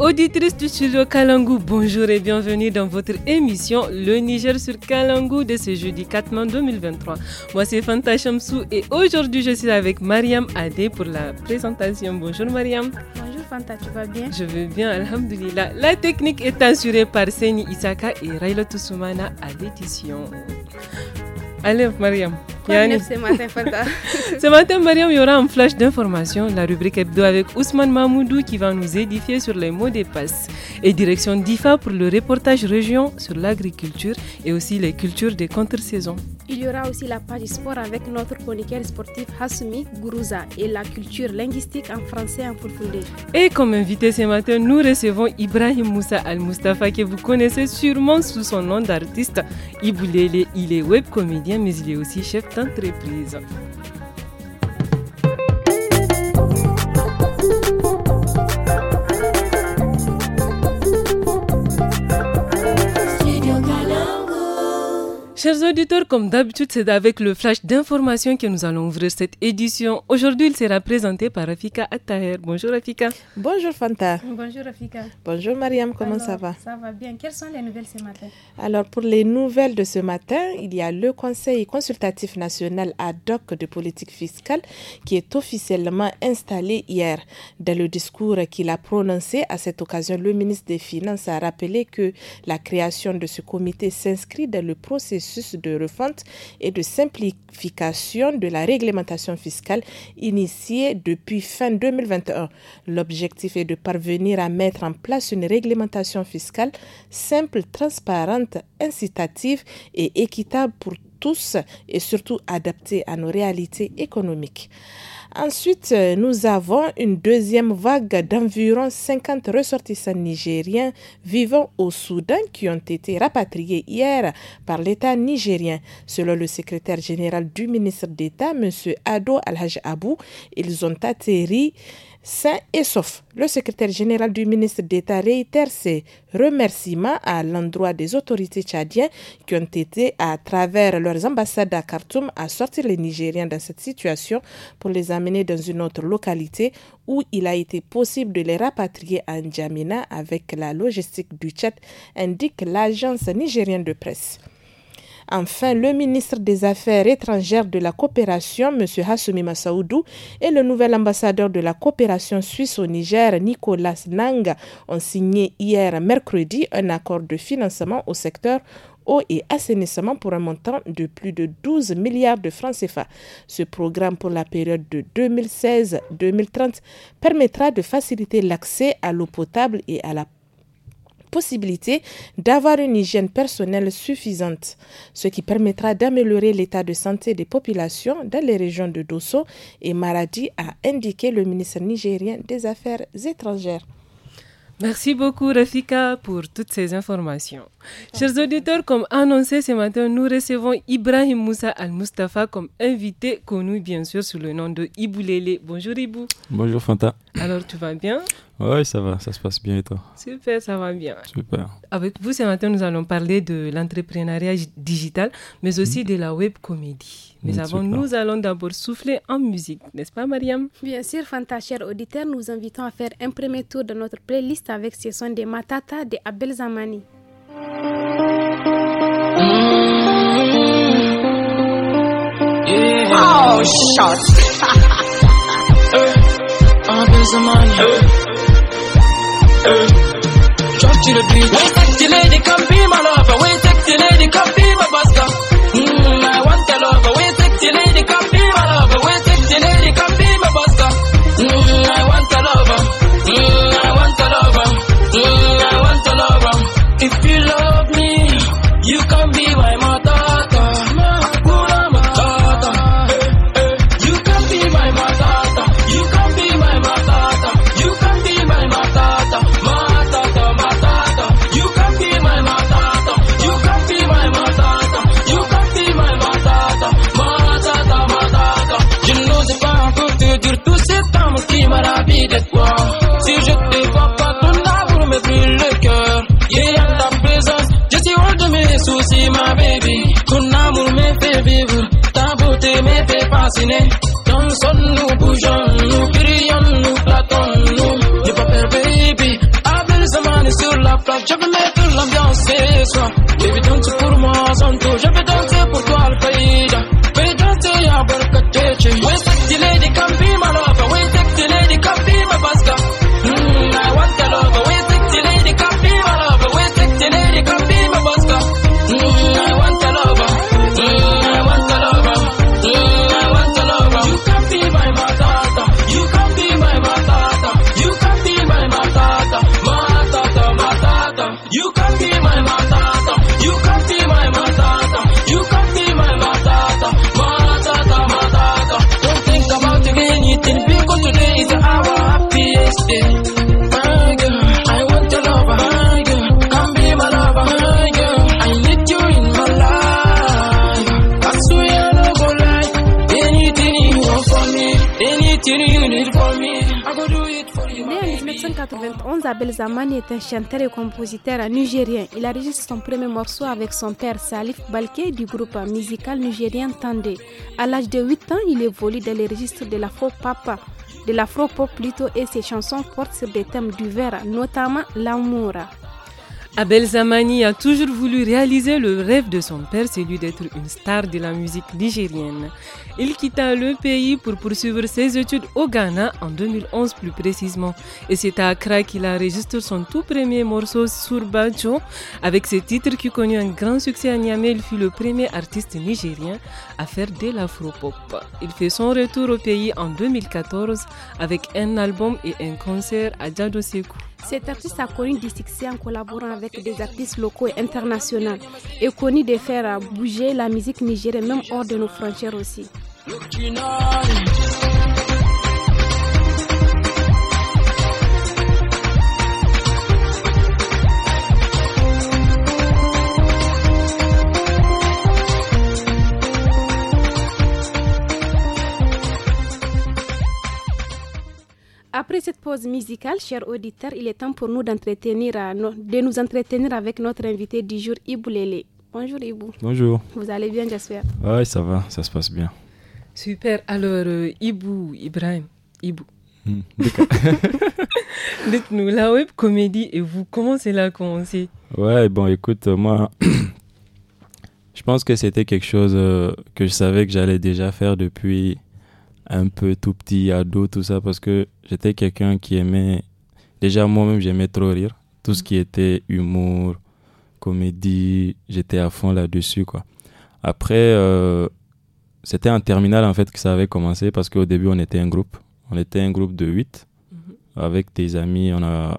Auditrice du studio Kalangu, bonjour et bienvenue dans votre émission Le Niger sur Kalangu de ce jeudi 4 mai 2023. Moi c'est Fanta Chamsou et aujourd'hui je suis avec Mariam Adé pour la présentation. Bonjour Mariam. Bonjour Fanta, tu vas bien Je vais bien, Alhamdulillah. La technique est assurée par Seni Isaka et Raila Toussoumana à l'édition. Allez Mariam ce matin, Mariam, il y aura un flash d'information, la rubrique hebdo avec Ousmane Mahmoudou qui va nous édifier sur les mots des passes. Et direction d'IFA pour le reportage région sur l'agriculture et aussi les cultures des contre-saisons. Il y aura aussi la page sport avec notre chroniqueur sportif Hasumi Gourouza et la culture linguistique en français en fulfulde. Et comme invité ce matin, nous recevons Ibrahim Moussa Al-Mustafa que vous connaissez sûrement sous son nom d'artiste Iboulele. Il est web comédien mais il est aussi chef entreprise. Chers auditeurs, comme d'habitude, c'est avec le flash d'information que nous allons ouvrir cette édition. Aujourd'hui, il sera présenté par Rafika Attaher. Bonjour Rafika. Bonjour Fanta. Bonjour Rafika. Bonjour Mariam, comment ça va Ça va bien. Quelles sont les nouvelles ce matin Alors, pour les nouvelles de ce matin, il y a le Conseil consultatif national ad hoc de politique fiscale qui est officiellement installé hier. Dans le discours qu'il a prononcé à cette occasion, le ministre des Finances a rappelé que la création de ce comité s'inscrit dans le processus de refonte et de simplification de la réglementation fiscale initiée depuis fin 2021. L'objectif est de parvenir à mettre en place une réglementation fiscale simple, transparente, incitative et équitable pour tous et surtout adaptée à nos réalités économiques. Ensuite, euh, nous avons une deuxième vague d'environ 50 ressortissants nigériens vivant au Soudan qui ont été rapatriés hier par l'État nigérien. Selon le secrétaire général du ministre d'État, M. Ado Alhaj Abou, ils ont atterri Saint et sauf. Le secrétaire général du ministre d'État réitère ses remerciements à l'endroit des autorités tchadiennes qui ont été, à travers leurs ambassades à Khartoum, à sortir les Nigériens dans cette situation pour les amener dans une autre localité où il a été possible de les rapatrier à N'Djamena avec la logistique du Tchad, indique l'agence nigérienne de presse. Enfin, le ministre des Affaires étrangères de la coopération, M. Hassoumi Massaoudou, et le nouvel ambassadeur de la coopération suisse au Niger, Nicolas Nang, ont signé hier mercredi un accord de financement au secteur eau et assainissement pour un montant de plus de 12 milliards de francs CFA. Ce programme pour la période de 2016-2030 permettra de faciliter l'accès à l'eau potable et à la possibilité d'avoir une hygiène personnelle suffisante, ce qui permettra d'améliorer l'état de santé des populations dans les régions de Dosso et Maradi, a indiqué le ministre nigérien des Affaires étrangères. Merci beaucoup Rafika pour toutes ces informations. Chers auditeurs, comme annoncé ce matin, nous recevons Ibrahim Moussa Al-Mustafa comme invité connu, bien sûr, sous le nom de Iboulele. Bonjour Ibou. Bonjour Fanta. Alors, tu vas bien Oui, ça va, ça se passe bien et toi Super, ça va bien. Super. Avec vous ce matin, nous allons parler de l'entrepreneuriat digital, mais mhm. aussi de la web comédie. Mais mm, avant, nous allons d'abord souffler en musique, n'est-ce pas Mariam Bien sûr, Fanta, chers auditeurs, nous invitons à faire un premier tour de notre playlist avec ce son des Matata de Abel Zamani. mm Oh, shucks. uh, I'll be some money. Uh, uh. Drop to the beat. Wait, sexy lady, come be my lover. Wait, sexy lady, come be ma la vie d'être toi. Si je te vois pas, ton amour me brûle le cœur. Et est ta présence, je suis hors de mes soucis, ma baby. Ton amour me fait vivre, ta beauté me fait fasciner. Dans son sol, nous bougeons, nous crions, nous flattons, nous. J'ai pas peur, baby. Avec les amants sur la plage, je veux mettre l'ambiance ce soir. Baby, danse pour moi, sans tout, je veux danser pour toi, le pays. Abel Zamani est un chanteur et compositeur nigérien. Il a enregistré son premier morceau avec son père Salif Balke du groupe musical nigérien Tandé. À l'âge de 8 ans, il évolue dans les registres de l'afro-papa, de l'afro-pop plutôt, et ses chansons portent sur des thèmes du verre, notamment l'amour. Abel Zamani a toujours voulu réaliser le rêve de son père, celui d'être une star de la musique nigérienne. Il quitta le pays pour poursuivre ses études au Ghana en 2011 plus précisément. Et c'est à Accra qu'il a enregistré son tout premier morceau Sur banjo, Avec ce titre qui connut un grand succès à Niamey, il fut le premier artiste nigérien à faire de l'afropop. Il fait son retour au pays en 2014 avec un album et un concert à Djado cet artiste a connu du succès en collaborant avec des artistes locaux et internationaux et connu de faire bouger la musique nigérienne même hors de nos frontières aussi. cette pause musicale, chers auditeurs, il est temps pour nous d'entretenir, euh, de nous entretenir avec notre invité du jour, Ibou Bonjour Ibou. Bonjour. Vous allez bien, j'espère Oui, ça va, ça se passe bien. Super. Alors, euh, Ibou, Ibrahim, Ibou. Hmm. Dites-nous, la web comédie et vous, comment cela a commencé Ouais, bon, écoute, euh, moi, je pense que c'était quelque chose euh, que je savais que j'allais déjà faire depuis un peu tout petit, ado, tout ça, parce que j'étais quelqu'un qui aimait. Déjà, moi-même, j'aimais trop rire. Tout ce mm. qui était humour, comédie, j'étais à fond là-dessus, quoi. Après, euh, c'était en terminale, en fait, que ça avait commencé, parce qu'au début, on était un groupe. On était un groupe de 8. Mm-hmm. Avec des amis, on, a,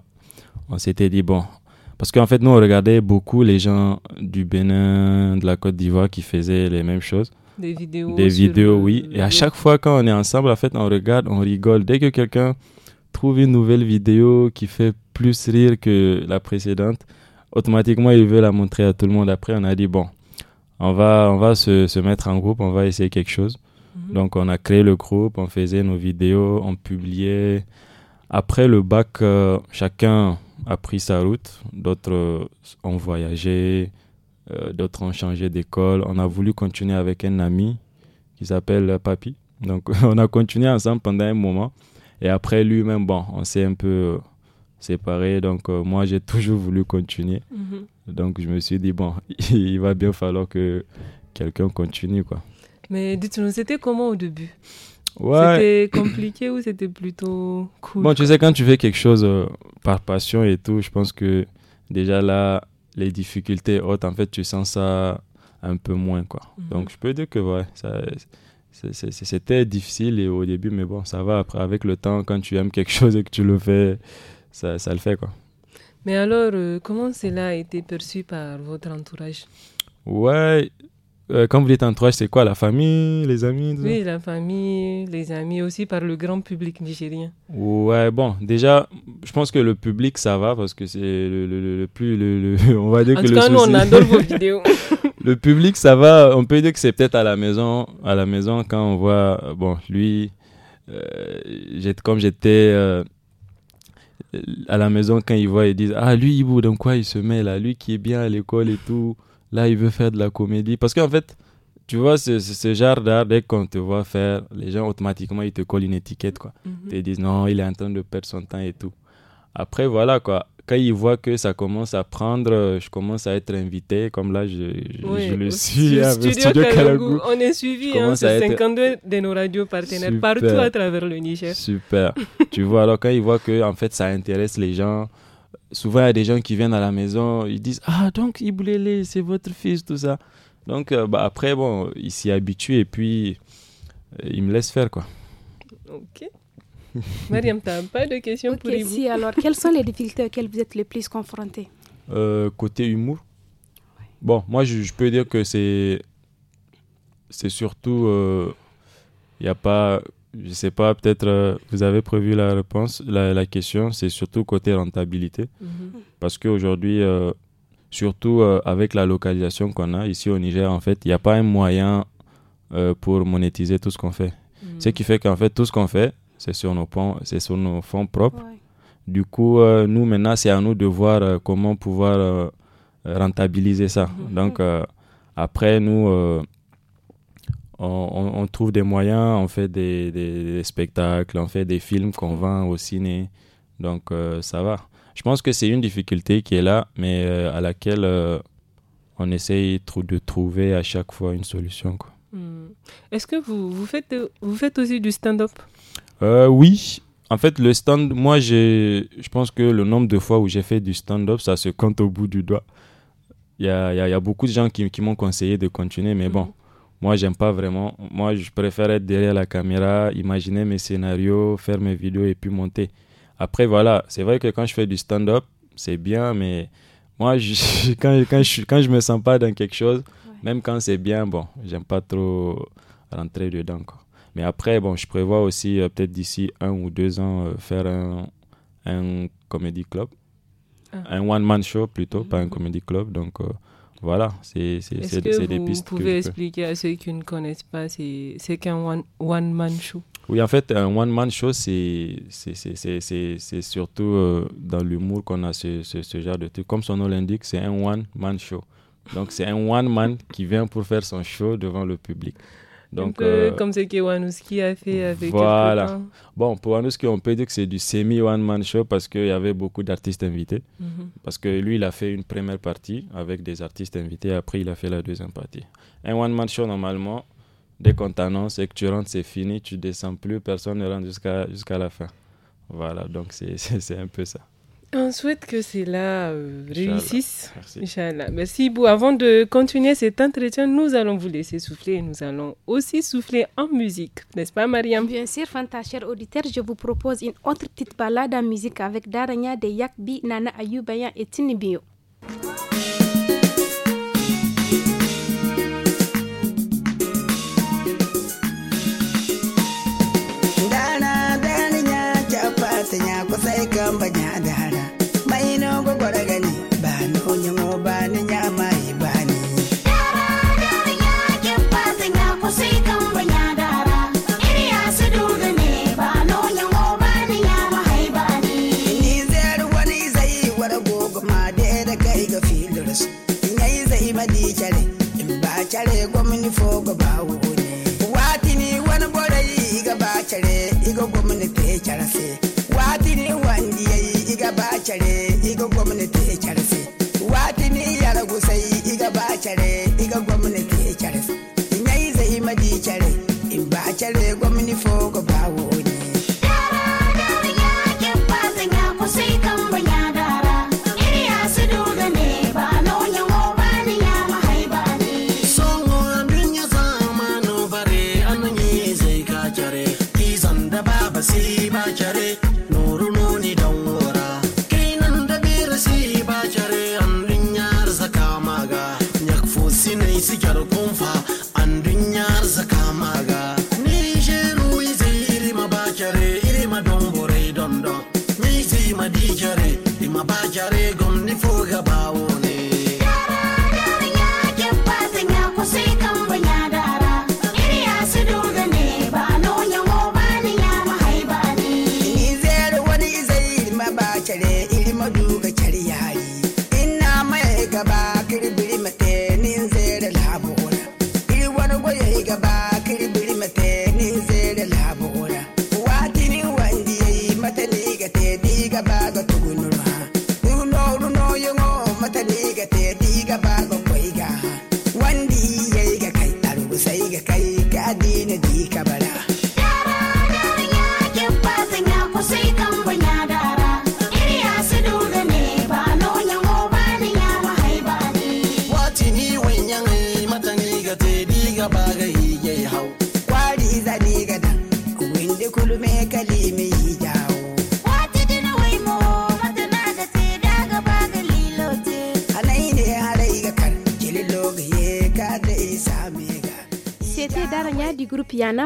on s'était dit, bon. Parce qu'en fait, nous, on regardait beaucoup les gens du Bénin, de la Côte d'Ivoire qui faisaient les mêmes choses. Des vidéos. Des vidéos, oui. Et à chaque fois, quand on est ensemble, en fait, on regarde, on rigole. Dès que quelqu'un trouve une nouvelle vidéo qui fait plus rire que la précédente, automatiquement, il veut la montrer à tout le monde. Après, on a dit, bon, on va, on va se, se mettre en groupe, on va essayer quelque chose. Mhm. Donc, on a créé le groupe, on faisait nos vidéos, on publiait. Après le bac, euh, chacun a pris sa route. D'autres ont voyagé, euh, D'autres ont changé d'école. On a voulu continuer avec un ami qui s'appelle Papi. Donc, on a continué ensemble pendant un moment. Et après, lui-même, bon, on s'est un peu euh, séparés. Donc, euh, moi, j'ai toujours voulu continuer. Mhm. Donc, je me suis dit, bon, il va bien falloir que quelqu'un continue, quoi. Mais dites-nous, c'était comment au début ouais. C'était compliqué ou c'était plutôt cool Bon, tu sais, quand tu fais quelque chose par passion et tout, je pense que déjà là, les difficultés hautes, en fait, tu sens ça un peu moins. Quoi. Mhm. Donc, je peux dire que ouais, c'était difficile et au début, mais bon, ça va. Après, avec le temps, quand tu aimes quelque chose et que tu le fais, ça, ça le fait. Quoi. Mais alors, euh, comment cela a été perçu par votre entourage Ouais, euh, quand vous dites entourage, c'est quoi La famille, les amis Oui, la famille, les amis aussi par le grand public nigérien. Ouais, bon, déjà, je pense que le public, ça va parce que c'est le, plus. on va dire que le cas, nous, on adore vos vidéos. le public, ça va. On peut dire que c'est peut-être à la maison, à la maison quand on voit, euh, bon, lui, euh, j'étais comme j'étais. à la maison, quand ils voient, ils disent Ah, lui, Ibou, dans quoi il se met là Lui qui est bien à l'école et tout là, il veut faire de la comédie. Parce qu'en fait, tu vois, ce, genre d'art, dès qu'on te voit faire, les gens automatiquement, ils te collent une étiquette, quoi. Mhm. Ils te disent, non, il est en train de perdre son temps et tout. Après, voilà, quoi. Quand ils voient que ça commence à prendre, euh, je commence à être invité, comme là, je, le suis Studio, On est suivi, hein, c'est 52 de nos radios partenaires partout à travers le Niger. Super. tu vois, alors quand ils voient que, en fait, ça intéresse les gens, souvent, il y a des gens qui viennent à la maison, ils disent Ah, donc Iboulé, c'est votre fils, tout ça. Donc, euh, bah, après, bon, il s'y habitue et puis ils euh, il me laisse faire, quoi. Ok. Mariam, tu n'as pas de questions pour Ok, si, alors, quelles sont les difficultés auxquelles vous êtes le plus confronté euh, Côté humour. Bon, moi, je, je, peux dire que c'est. C'est surtout. Il n'y a pas je sais pas, peut-être euh, vous avez prévu la réponse. La, question, c'est surtout côté rentabilité. Mhm. Parce qu'aujourd'hui, euh, surtout euh, avec la localisation qu'on a ici au Niger, en fait, il n'y a pas un moyen pour monétiser tout ce qu'on fait. Mhm. Ce qui fait qu'en fait, tout ce qu'on fait, c'est sur, nos ponts, sur nos fonds propres. Du coup, nous, maintenant, c'est à nous de voir comment pouvoir rentabiliser ça. Mhm. Donc, après, nous on, trouve des moyens, on fait des, spectacles, on fait des films qu'on vend au ciné. Donc euh, ça va. Je pense que c'est une difficulté qui est là, mais euh, à laquelle euh, on essaye de trouver à chaque fois une solution. Hmm. Est-ce que vous, faites, vous faites aussi du stand-up Oui. En fait, le stand, moi, je pense que le nombre de fois où j'ai fait du stand-up, ça se compte au bout du doigt. Il y a, beaucoup de gens qui, m'ont conseillé de continuer, mais bon, hmm. Moi, j'aime pas vraiment. Moi, je préfère être derrière la caméra, imaginer mes scénarios, faire mes vidéos et puis monter. Après, voilà, c'est vrai que quand je fais du stand-up, c'est bien, mais moi, je, quand, quand, je, quand je me sens pas dans quelque chose, même quand c'est bien, bon, j'aime pas trop rentrer dedans. Mais après, bon, je prévois aussi, euh, peut-être d'ici un ou deux ans, euh, faire un, un comedy club. Ah. Un one-man show plutôt, pas un mm. comedy club. Donc, euh, voilà, c'est -ce des pistes. Vous pouvez expliquer à ceux qui ne connaissent pas, c'est qu'un one-man show Oui, en fait, un one-man show, c'est surtout euh, dans l'humour qu'on a ce, ce, ce, genre de truc. Comme son nom l'indique, c'est un one-man show. Donc, c'est un one-man qui vient pour faire son show devant le public. Donc, euh, comme ce que a fait avec Voilà. Bon, pour Wanouski, on peut dire que c'est du semi-one-man show parce qu'il y avait beaucoup d'artistes invités. Mhm. Parce que lui, il a fait une première partie avec des artistes invités, après, il a fait la deuxième partie. Un one-man show, normalement, dès qu'on t'annonce et que tu rentres, c'est fini, tu descends plus, personne ne rentre jusqu'à jusqu'à la fin. Voilà, donc c'est un peu ça. On souhaite que cela euh, réussisse. Inch'Allah. Merci beaucoup. Avant de continuer cet entretien, nous allons vous laisser souffler et nous allons aussi souffler en musique. N'est-ce pas, Mariam Bien sûr, Fanta, auditeur, je vous propose une autre petite balade en musique avec Daranya de Yakbi, Nana Ayubaya et Tinibio. woman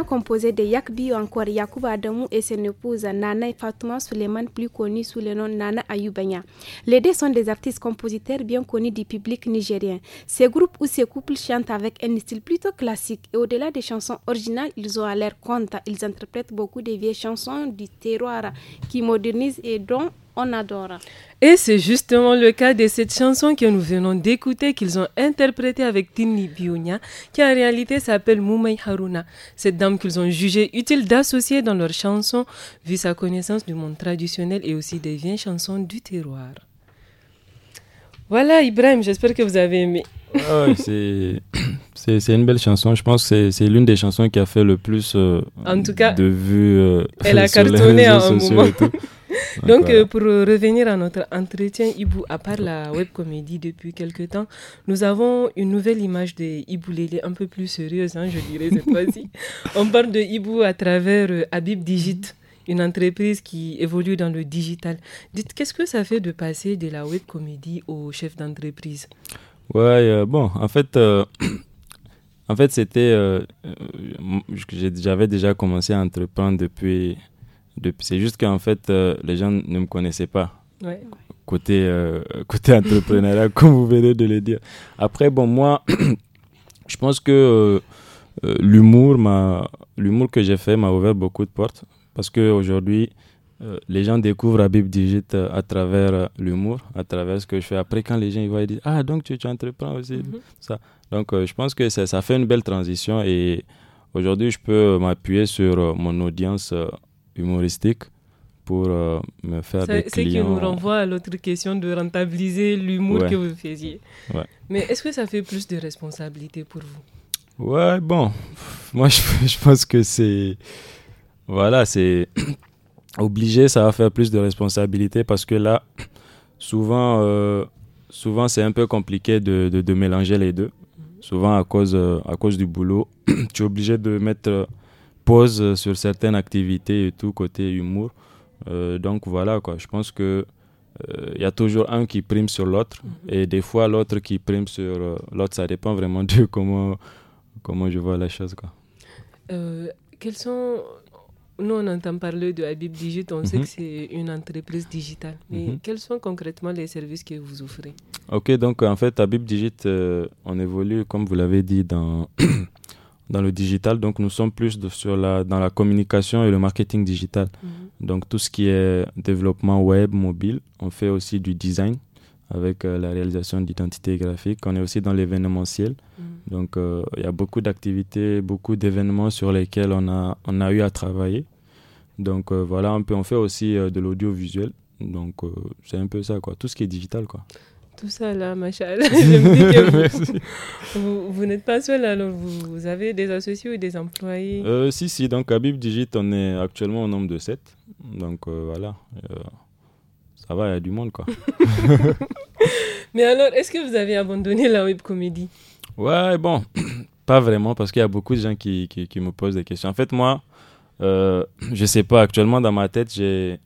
composé de Yakbi ou encore Yakuba Adamou et son épouse Nana et Fatuma Suleiman, plus connues sous le nom Nana Ayubanya. Les deux sont des artistes compositeurs bien connus du public nigérien. Ces groupes ou ces couples chantent avec un style plutôt classique et au-delà des chansons originales, ils ont à leur compte. Ils interprètent beaucoup de vieilles chansons du terroir qui modernisent et dont on adore. Et c'est justement le cas de cette chanson que nous venons d'écouter, qu'ils ont interprétée avec Tini Biounia, qui en réalité s'appelle Moumaï Haruna. Cette dame qu'ils ont jugé utile d'associer dans leur chanson, vu sa connaissance du monde traditionnel et aussi des vieilles chansons du terroir. Voilà, Ibrahim, j'espère que vous avez aimé. c'est une belle chanson. Je pense que c'est l'une des chansons qui a fait le plus euh, de vues. Euh, elle a cartonné à un moment. Donc, euh, euh, pour revenir à notre entretien, Ibou, à part la web comédie depuis quelques temps, nous avons une nouvelle image de Ibou Lélé, un peu plus sérieuse, hein, je dirais cette fois-ci. On parle de Ibou à travers euh, Habib Digit, une entreprise qui évolue dans le digital. Dites, qu'est-ce que ça fait de passer de la web comédie au chef d'entreprise Ouais, bon, en fait. En fait, c'était. j'avais déjà commencé à entreprendre depuis c'est juste qu'en fait, euh, les gens ne me connaissaient pas. Côté, euh, côté entrepreneuriat, comme vous venez de le dire. Après, bon, moi, je pense que euh, l'humour l'humour que j'ai fait m'a ouvert beaucoup de portes. Parce qu'aujourd'hui, les gens découvrent Habib Digit à travers l'humour, à travers ce que je fais. Après, quand les gens ils voient, ils disent Ah, donc tu, tu entreprends aussi. Mm-hmm. ça. Donc, je pense que ça, ça, fait une belle transition. Et aujourd'hui, je peux m'appuyer sur mon audience humoristique pour euh, me faire des clients. C'est qui nous renvoie à l'autre question de rentabiliser l'humour que vous faisiez. Mais est-ce que ça fait plus de responsabilité pour vous Ouais, bon, moi je, je pense que c'est... Voilà, c'est... Obligé, ça va faire plus de responsabilité parce que là, souvent, euh, souvent c'est un peu compliqué de, de, mélanger les deux. Mm-hmm. Souvent, à cause, euh, à cause du boulot, tu es obligé de mettre pose euh, sur certaines activités et tout, côté humour. Euh, donc voilà, quoi. je pense que il euh, y a toujours un qui prime sur l'autre mhm. et des fois l'autre qui prime sur l'autre. Ça dépend vraiment de comment, comment je vois la chose. Quoi. quels sont nous, on entend parler de Habib Digit, on sait mhm. que c'est une entreprise digitale. Mais mhm. quels sont concrètement les services que vous offrez Ok, donc en fait, Habib Digit, on évolue, comme vous l'avez dit, dans dans le digital. Donc, nous sommes plus sur la, dans la communication et le marketing digital. Mhm. Donc, tout ce qui est développement web, mobile. On fait aussi du design avec euh, la réalisation d'identité graphique. On est aussi dans l'événementiel. Mhm. Donc, euh, il y a beaucoup d'activités, beaucoup d'événements sur lesquels on a, on a eu à travailler. Donc, euh, voilà, un peu, on fait aussi de l'audiovisuel. Donc, c'est un peu ça, quoi. Tout ce qui est digital, quoi tout ça là, Machal. Je me dis que vous, vous, n'êtes pas seul, alors vous, avez des associés ou des employés euh, Si, si, donc à Bib Digit, on est actuellement au nombre de 7. Donc euh, voilà, euh, ça va, il y a du monde quoi. Mais alors, est-ce que vous avez abandonné la web comédie Ouais, bon, pas vraiment, parce qu'il y a beaucoup de gens qui, qui, qui, me posent des questions. En fait, moi, euh, je sais pas, actuellement dans ma tête, j'ai.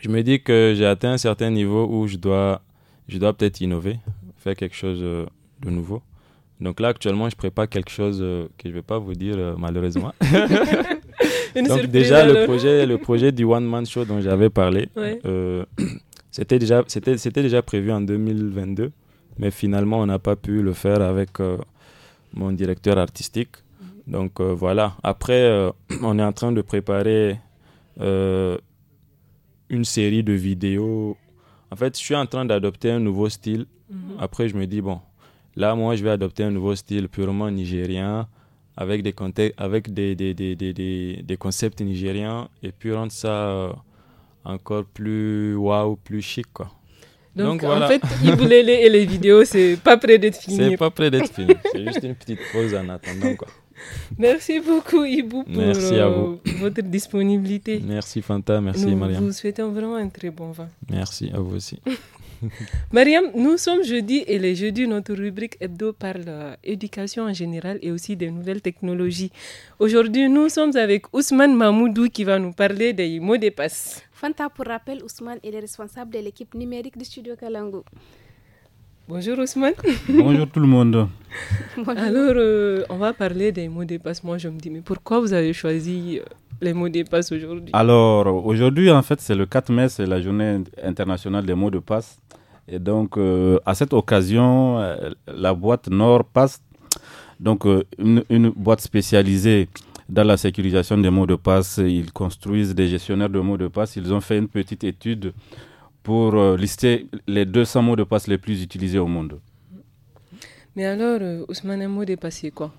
Je me dis que j'ai atteint un certain niveau où je dois je dois peut-être innover, faire quelque chose euh, de nouveau. Donc là, actuellement, je prépare quelque chose euh, que je ne vais pas vous dire, euh, malheureusement. Donc déjà, le projet, le projet du One Man Show dont j'avais parlé, c'était déjà, déjà prévu en 2022, mais finalement, on n'a pas pu le faire avec mon directeur artistique. Donc voilà, après, on est en train de préparer une série de vidéos en fait, je suis en train d'adopter un nouveau style. Mhm. Après, je me dis, bon, là, moi, je vais adopter un nouveau style purement nigérien, avec des, avec des, des, des, des concepts nigériens, et puis rendre ça euh, encore plus waouh, plus chic, quoi. Donc, en fait, Iboulele et les vidéos, c'est pas près d'être fini. C'est pas près d'être fini. C'est juste une petite pause en attendant, quoi. Merci beaucoup, Ibou, pour euh, votre disponibilité. Merci, Fanta. Merci, Mariam. Nous vous souhaitons vraiment un très bon vin. Merci à vous aussi. Mariam, nous sommes jeudi et les jeudis, notre rubrique hebdo parle euh, éducation en général et aussi des nouvelles technologies. Aujourd'hui, nous sommes avec Ousmane Mamoudou qui va nous parler des mots de passe. Fanta, pour rappel, Ousmane est le responsable de l'équipe numérique du studio Kalango. Bonjour Ousmane. Bonjour tout le monde. Alors, euh, on va parler des mots de passe. Moi, je me dis, mais pourquoi vous avez choisi euh, les mots de passe aujourd'hui Alors, aujourd'hui, en fait, c'est le 4 mai, c'est la journée internationale des mots de passe. Et donc, euh, à cette occasion, la boîte Nord passe, donc une, une, boîte spécialisée dans la sécurisation des mots de passe. Ils construisent des gestionnaires de mots de passe. Ils ont fait une petite étude pour euh, lister les 200 mots de passe les plus utilisés au monde. Mais alors, euh, Ousmane, un mot de passe, c'est quoi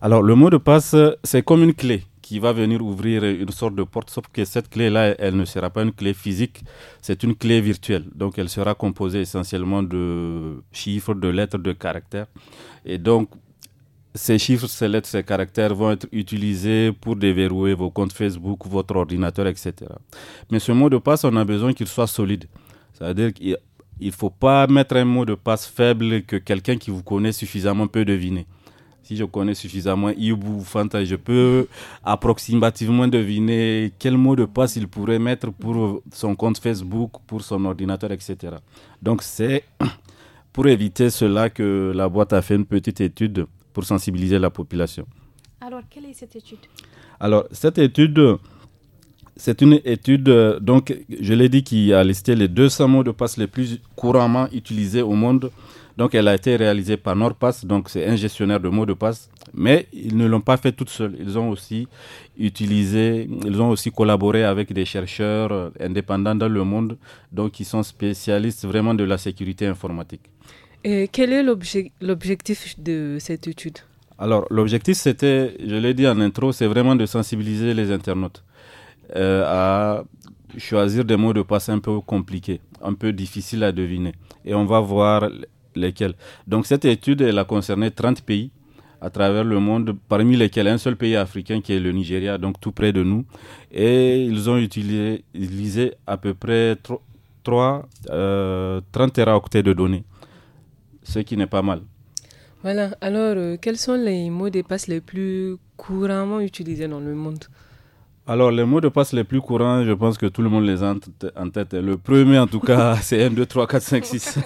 Alors, le mot de passe, c'est comme une clé qui va venir ouvrir une sorte de porte, sauf que cette clé-là, elle ne sera pas une clé physique, c'est une clé virtuelle. Donc elle sera composée essentiellement de chiffres, de lettres, de caractères. Et donc ces chiffres, ces lettres, ces caractères vont être utilisés pour déverrouiller vos comptes Facebook, votre ordinateur, etc. Mais ce mot de passe, on a besoin qu'il soit solide. C'est-à-dire qu'il ne faut pas mettre un mot de passe faible que quelqu'un qui vous connaît suffisamment peut deviner. Si je connais suffisamment Ibu je peux approximativement deviner quel mot de passe il pourrait mettre pour son compte Facebook, pour son ordinateur, etc. Donc c'est pour éviter cela que la boîte a fait une petite étude pour sensibiliser la population. Alors, quelle est cette étude Alors, cette étude, c'est une étude, euh, donc, je l'ai dit, qui a listé les 200 mots de passe les plus couramment utilisés au monde. Donc, elle a été réalisée par NordPass, donc c'est un gestionnaire de mots de passe. Mais ils ne l'ont pas fait tout seule. Ils ont aussi utilisé, ils ont aussi collaboré avec des chercheurs euh, indépendants dans le monde, donc qui sont spécialistes vraiment de la sécurité informatique quel est l'objectif de cette étude Alors, l'objectif, c'était, je l'ai dit en intro, c'est vraiment de sensibiliser les internautes euh, à choisir des mots de passe un peu compliqués, un peu difficiles à deviner. Et on va voir lesquels. Donc, cette étude, elle a concerné 30 pays à travers le monde, parmi lesquels un seul pays africain qui est le Nigeria, donc tout près de nous. Et ils ont utilisé, à peu près 30 euh, teraoctets de données ce qui n'est pas mal. Voilà, alors euh, quels sont les mots de passe les plus couramment utilisés dans le monde alors, les mots de passe les plus courants, je pense que tout le monde les a en tête. Le premier, en tout cas, c'est 1, 2, 3, 4, 5, 6,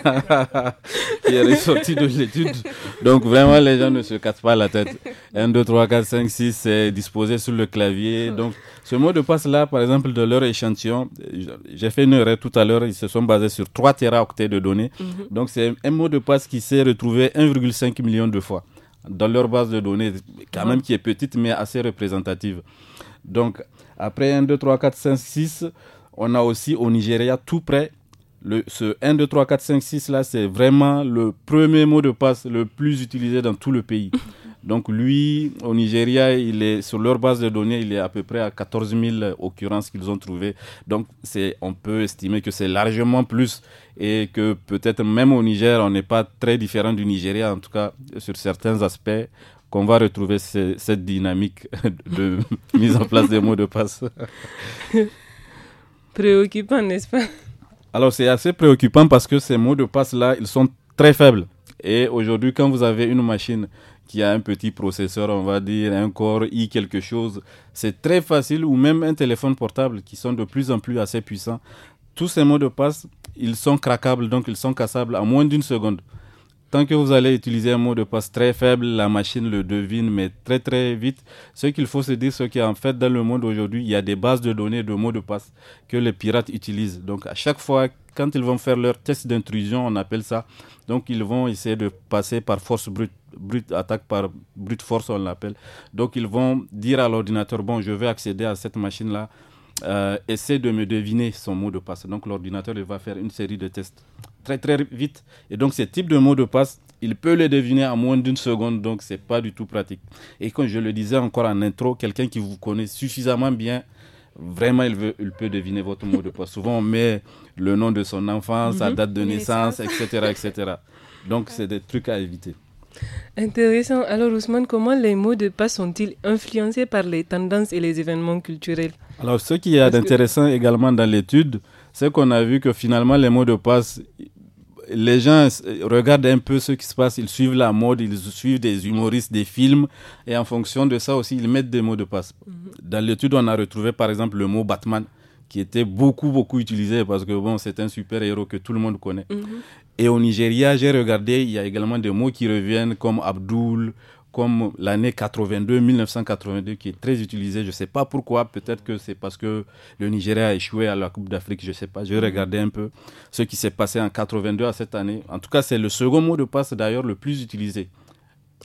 qui est ressorti de l'étude. Donc, vraiment, les gens ne se cassent pas la tête. 1, 2, 3, 4, 5, 6, c'est disposé sur le clavier. Donc, ce mot de passe-là, par exemple, de leur échantillon, j'ai fait une erreur tout à l'heure, ils se sont basés sur 3 teraoctets de données. Mhm. Donc, c'est un mot de passe qui s'est retrouvé 1,5 million de fois dans leur base de données, quand même qui est petite, mais assez représentative. Donc, après 1, 2, 3, 4, 5, 6, on a aussi au Nigeria, tout près, le, ce 1, 2, 3, 4, 5, 6 là, c'est vraiment le premier mot de passe le plus utilisé dans tout le pays. Donc lui, au Nigeria, il est sur leur base de données, il est à peu près à 14 000 occurrences qu'ils ont trouvées. Donc c'est, on peut estimer que c'est largement plus et que peut-être même au Niger, on n'est pas très différent du Nigeria, en tout cas sur certains aspects qu'on va retrouver cette dynamique de mise en place des mots de passe. Préoccupant, n'est-ce pas Alors c'est assez préoccupant parce que ces mots de passe-là, ils sont très faibles. Et aujourd'hui, quand vous avez une machine qui a un petit processeur, on va dire, un corps i quelque chose, c'est très facile, ou même un téléphone portable qui sont de plus en plus assez puissants. Tous ces mots de passe, ils sont craquables, donc ils sont cassables à moins d'une seconde. Tant que vous allez utiliser un mot de passe très faible, la machine le devine, mais très très vite. Ce qu'il faut se dire, c'est qu'en fait, dans le monde aujourd'hui, il y a des bases de données de mots de passe que les pirates utilisent. Donc, à chaque fois, quand ils vont faire leur test d'intrusion, on appelle ça. Donc, ils vont essayer de passer par force brute brute attaque par brute force on l'appelle. Donc ils vont dire à l'ordinateur bon je vais accéder à cette machine là euh, essaie de me deviner son mot de passe. Donc l'ordinateur va faire une série de tests très très vite. Et donc ce type de mot de passe, il peut le deviner en moins d'une seconde. Donc c'est pas du tout pratique. Et comme je le disais encore en intro, quelqu'un qui vous connaît suffisamment bien, vraiment il, peut deviner votre mot de passe. Souvent on met le nom de son enfant, sa mhm. date de naissance etc., etc. Donc c'est des trucs à éviter. Intéressant. Alors Ousmane, comment les mots de passe sont-ils influencés par les tendances et les événements culturels Alors ce qu'il y a d'intéressant également dans l'étude, c'est qu'on a vu que finalement les mots de passe, les gens regardent un peu ce qui se passe, ils suivent la mode, ils suivent des humoristes, des films, et en fonction de ça aussi, ils mettent des mots de passe. Mhm. Dans l'étude, on a retrouvé par exemple le mot Batman qui était beaucoup beaucoup utilisé parce que bon c'est un super héros que tout le monde connaît mhm. Et au Nigeria, j'ai regardé, il y a également des mots qui reviennent comme Abdul, comme l'année 82, 1982, qui est très utilisé. Je ne sais pas pourquoi, peut-être que c'est parce que le Nigeria a échoué à la Coupe d'Afrique, je ne sais pas. Je regardais un peu ce qui s'est passé en 82 à cette année. En tout cas, c'est le second mot de passe d'ailleurs le plus utilisé.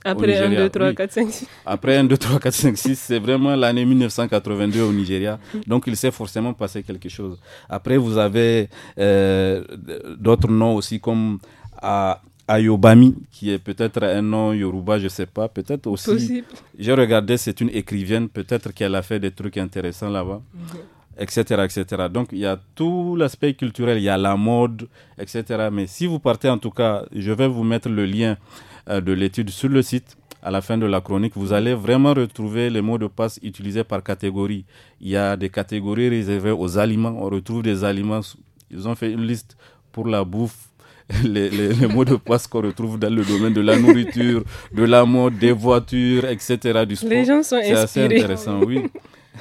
Après 1, 2, 3, 4, 5, 6. Après 1, 2, 3, 4, 5, 6, c'est vraiment l'année 1982 au Nigeria. Donc il s'est forcément passé quelque chose. Après, vous avez euh, d'autres noms aussi comme Ayobami, qui est peut-être un nom Yoruba, je ne sais pas, peut-être aussi. J'ai regardé, c'est une écrivaine, peut-être qu'elle a fait des trucs intéressants là-bas. etc., mhm. etc. Donc il y a tout l'aspect culturel, il y a la mode, etc. Mais si vous partez, en tout cas, je vais vous mettre le lien euh, de l'étude sur le site à la fin de la chronique, vous allez vraiment retrouver les mots de passe utilisés par catégorie. Il y a des catégories réservées aux aliments. On retrouve des aliments. Ils ont fait une liste pour la bouffe. Les, mots de passe qu'on retrouve dans le domaine de la nourriture, de la mode, des voitures, etc. Du sport. Les gens sont inspirés. C'est assez intéressant, oui.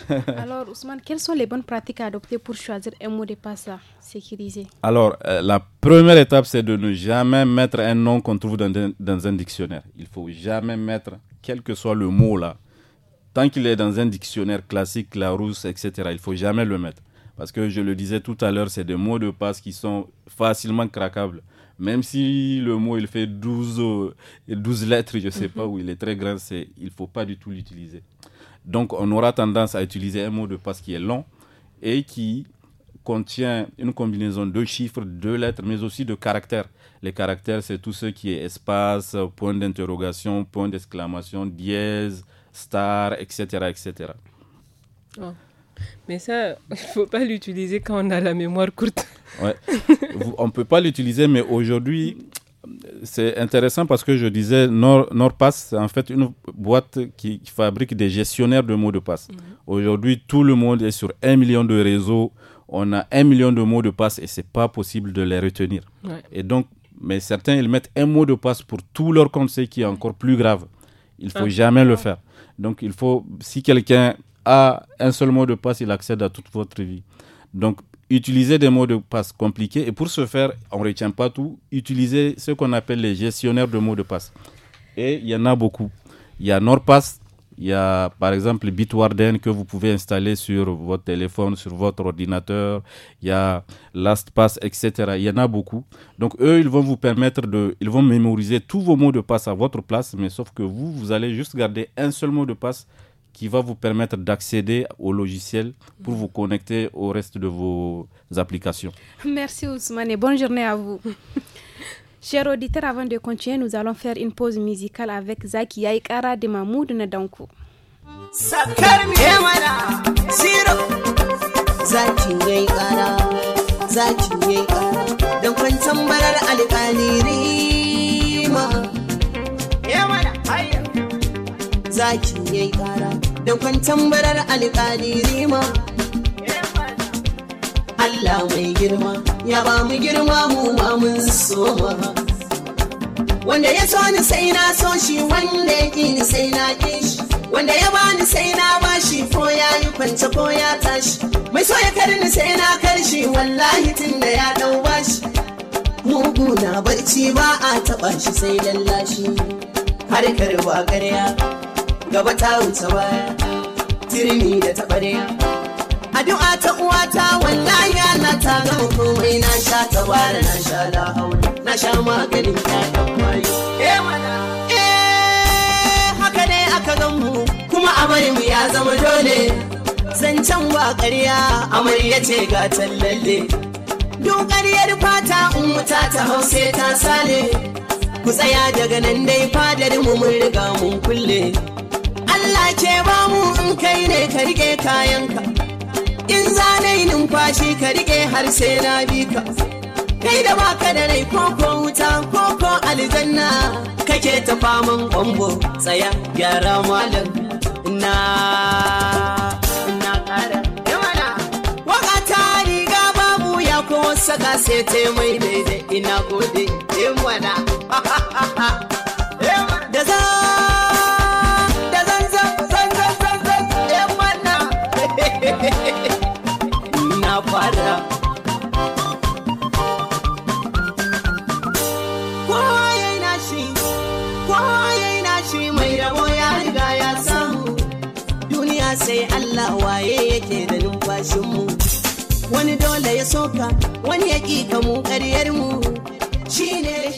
Alors, Ousmane, quelles sont les bonnes pratiques à adopter pour choisir un mot de passe sécurisé Alors, euh, la première étape, c'est de ne jamais mettre un nom qu'on trouve dans, dans, un dictionnaire. Il faut jamais mettre, quel que soit le mot là, tant qu'il est dans un dictionnaire classique, la rousse, etc., il faut jamais le mettre. Parce que je le disais tout à l'heure, c'est des mots de passe qui sont facilement craquables. Même si le mot il fait 12, 12 euh, lettres, je ne sais mhm. pas où il est très grand, c'est il ne faut pas du tout l'utiliser. Donc on aura tendance à utiliser un mot de passe qui est long et qui contient une combinaison de chiffres, de lettres, mais aussi de caractères. Les caractères, c'est tout ce qui est espace, point d'interrogation, point d'exclamation, dièse, star, etc. etc. Oh. Mais ça, il ne faut pas l'utiliser quand on a la mémoire courte. on ne peut pas l'utiliser, mais aujourd'hui, c'est intéressant parce que je disais Nord, NordPass, c'est en fait une boîte qui, fabrique des gestionnaires de mots de passe. Mhm. Aujourd'hui, tout le monde est sur un million de réseaux. On a un million de mots de passe et c'est pas possible de les retenir. Et donc, mais certains, ils mettent un mot de passe pour tout leur conseil qui est encore plus grave. Il faut ah. jamais le faire. Donc, il faut, si quelqu'un a un seul mot de passe, il accède à toute votre vie. Donc, utiliser des mots de passe compliqués. Et pour ce faire, on ne retient pas tout. Utiliser ce qu'on appelle les gestionnaires de mots de passe. Et il y en a beaucoup. Il y a NordPass, il y a par exemple Bitwarden que vous pouvez installer sur votre téléphone, sur votre ordinateur. Il y a LastPass, etc. Il y en a beaucoup. Donc eux, ils vont vous permettre de, ils vont mémoriser tous vos mots de passe à votre place, mais sauf que vous, vous allez juste garder un seul mot de passe qui va vous permettre d'accéder au logiciel pour vous connecter au reste de vos applications. Merci Ousmane bonne journée à vous. Chers auditeurs, avant de continuer, nous allons faire une pause musicale avec Zaki Yaikara de Mahmoud Nadankou. zaki yayi kara da kwantan barar alƙali rima Allah mai girma ya ba mu girma mu ma mun soma wanda ya so ni sai na so shi wanda ya ki ni sai na ki shi wanda ya bani sai na bashi ko ya yi kwance ko ya tashi mai so ya karni sai na karshi wallahi tun da ya dau bashi mugu na barci ba a taba shi sai lallashi har karba karya gaba ta wuce baya da taɓarya addu'a ta uwata wallahi Allah ta gama komai na sha tabara na sha la'aula na sha maganin ƴaƴan eh mayu eh haka ne aka gan mu kuma a bari mu ya zama dole zancen wa ƙarya amarya ce ga tallalle duk ƙaryar fata in wuta ta hause ta sale ku tsaya daga nan dai fadar mu mun riga mun kulle ce ba mu in kai ne ka rike ka in za na yi numfashi ka rike har sai na bi ka kai da baka da rai koko wuta koko aljanna kake ta faman kwambo tsaya gyara malam na Saka sai taimai daidai ina gode, taimana. Le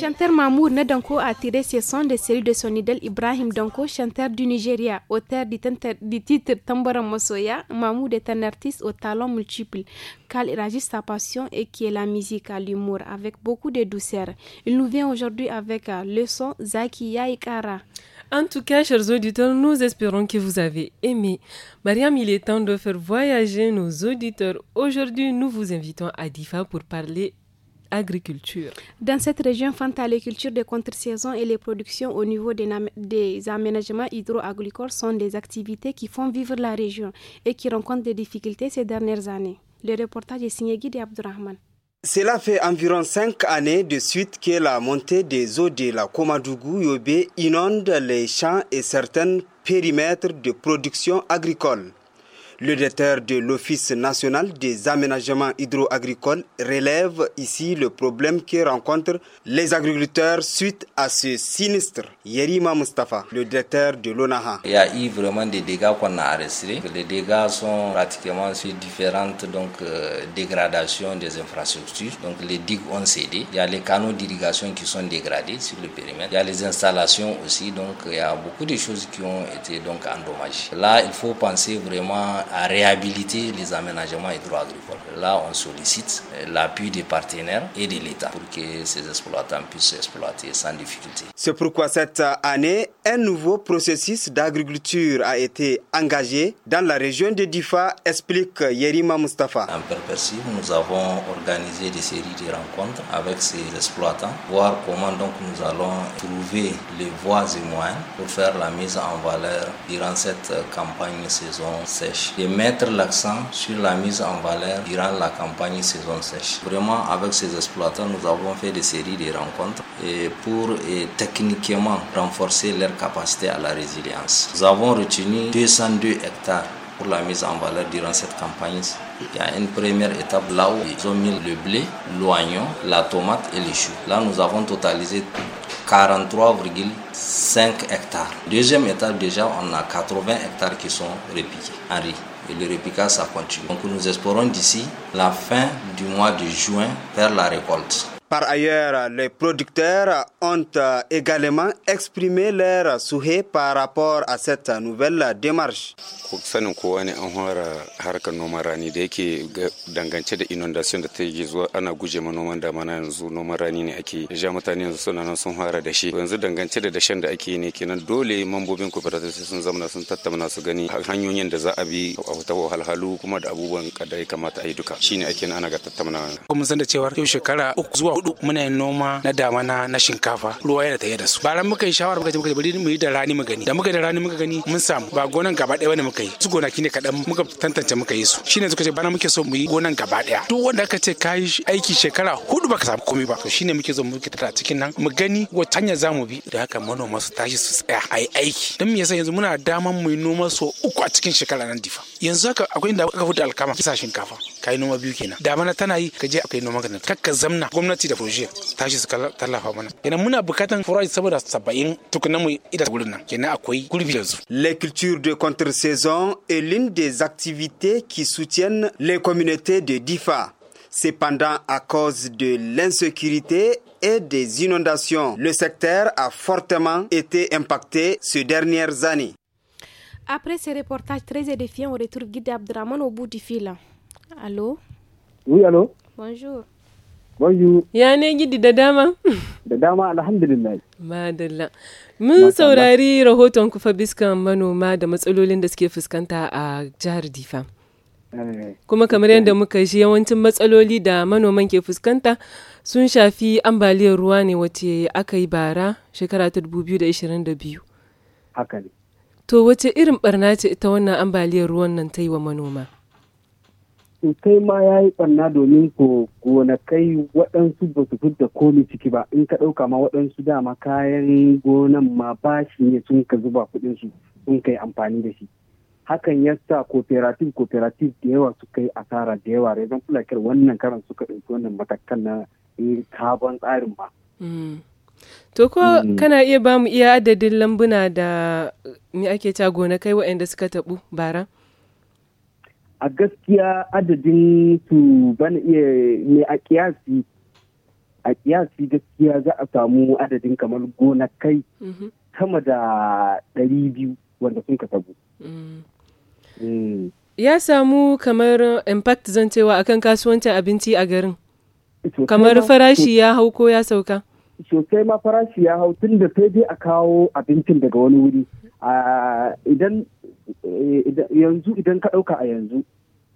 chanteur Mamour Nedanko a tiré ses sons de celui de son idole Ibrahim Danko, chanteur du Nigeria, auteur du, titre Tambora Mosoya. Mamour est un artiste au talent multiple. car il agit sa passion et qui est la musique à l'humour avec beaucoup de douceur. Il nous vient aujourd'hui avec euh, le son Zaki Yaikara. En tout cas, chers auditeurs, nous espérons que vous avez aimé. Mariam, il est temps de faire voyager nos auditeurs. Aujourd'hui, nous vous invitons à Difa pour parler agriculture. Dans cette région, Fanta, les cultures de contre-saison et les productions au niveau des, aménagements hydro-agricoles sont des activités qui font vivre la région et qui rencontrent des difficultés ces dernières années. Le reportage est signé Guy Abdurrahman. Cela fait environ cinq années de suite que la montée des eaux de la Komadougou Yobé inonde les champs et certains périmètres de production agricole. Le directeur de l'Office national des aménagements hydro-agricoles relève ici le problème que rencontrent les agriculteurs suite à ce sinistre. Yerima Mustafa, le directeur de l'ONAHA. Il y a eu vraiment des dégâts qu'on a arrêtés. Les dégâts sont pratiquement sur différentes donc, euh, dégradations des infrastructures. Donc les digues ont cédé. Il y a les canaux d'irrigation qui sont dégradés sur le périmètre. Il y a les installations aussi. Donc il y a beaucoup de choses qui ont été donc endommagées. Là, il faut penser vraiment à réhabiliter les aménagements hydro agricoles. Là, on sollicite euh, l'appui des partenaires et de l'État pour que ces exploitants puissent exploiter sans difficulté. C'est pourquoi cette année, un nouveau processus d'agriculture a été engagé dans la région de Difa, explique Yerima Mustafa. En perspective, nous avons organisé des séries de rencontres avec ces exploitants, voir comment donc nous allons trouver les voies et moyens pour faire la mise en valeur durant cette campagne saison sèche de mettre l'accent sur la mise en valeur durant la campagne saison sèche. Vraiment, avec ces exploitants, nous avons fait des séries de rencontres et pour techniquement renforcer leur capacité à la résilience. Nous avons retenu 202 hectares pour la mise en valeur durant cette campagne. Il y a une première étape là où ils ont mis le blé, l'oignon, la tomate et les choux. Là, nous avons totalisé 43,5 hectares. Deuxième étape, déjà, on a 80 hectares qui sont répiqués en riz. Et le répiquage, ça continue. Donc, nous espérons d'ici la fin du mois de juin faire la récolte. Par ailleurs, les producteurs ont euh, également exprimé leur souhait par rapport à cette nouvelle démarche. sanin kowa ne an fara harkar noman rani da yake dangance da inundation da ta yi zuwa ana guje ma noman damana yanzu noman rani ne ake ja mutane yanzu suna nan sun fara da shi yanzu dangance da dashen da ake ne kenan dole mambobin cooperative sun zama sun tattauna su gani hanyoyin da za a bi a wata wahalhalu kuma da abubuwan kada ya kamata a yi duka shine ake ana ga tattauna. Kuma san da cewa yau shekara uku zuwa hudu muna yin noma na damana na shinkafa ruwa yana tafiya da su bara muka yi shawara muka ce muka bari mu yi da rani mu gani da muka da rani muka gani mun samu ba gonan gaba daya bane muka yi su gonaki ne kadan muka tantance muka yi su shine suka ce bana muke so mu yi gonan gaba daya duk wanda aka ce kayi aiki shekara hudu baka samu komai ba to shine muke zo muke tada cikin nan mu gani wata hanya zamu bi da haka manoma su tashi su tsaya a aiki dan me yasa yanzu muna daman mu yi noma so uku a cikin shekara nan difa yanzu haka akwai inda aka fita alkama kisa shinkafa kai noma biyu kenan damana tana yi ka je akai noma ka zamna gwamnati les cultures de contre-saison est l'une des activités qui soutiennent les communautés de Difa Cependant, à cause de l'insécurité et des inondations, le secteur a fortement été impacté ces dernières années. Après ce reportage très édifiant, on retrouve Guy Abdraman au bout du fil. Allô Oui, allô Bonjour. Bonjour. Ya ne gidi da dama? Da dama alhamdulillah. Madalla. Mun saurari rahoton kufa biskan manoma da matsalolin da suke fuskanta a jihar Difa. Eh, Kuma kamar yadda muka shi yawancin matsaloli da manoman ke fuskanta sun shafi ambaliyar ruwa ne wace aka yi bara shekara ta 2022. Haka ne. To wace irin barna ce ita wannan ambaliyar ruwan nan ta yi wa manoma? kai ma ya yi ɓanna domin ko kai waɗansu ba su fidda komi ciki ba in ka ɗauka ma waɗansu dama kayan gonan ma ba shi ne sun ka zuba su sun kai amfani da shi hakan ya sa cooperative cooperative da yawa suka yi asara da yawa kula fulakar wannan karan suka ɗauki wannan matakan na eh, sabon tsarin ba. Mm. To ko mm. kana iya ba mu iya adadin lambuna da me ake ta gonakai waɗanda suka taɓu bara? a gaskiya adadin su bana iya ne a kiyasi a kiyasi gaskiya za a samu adadin kamar gonakai mhm. sama da ɗari biyu wanda sun ka sabu. Mm. Mm. Ya samu kamar impact zan cewa akan kasuwancin abinci a garin? Kamar farashi ya hau ko ya sauka? Sosai ma farashi ya hau tun da sai dai a kawo abincin daga wani wuri. yanzu idan ka ɗauka a yanzu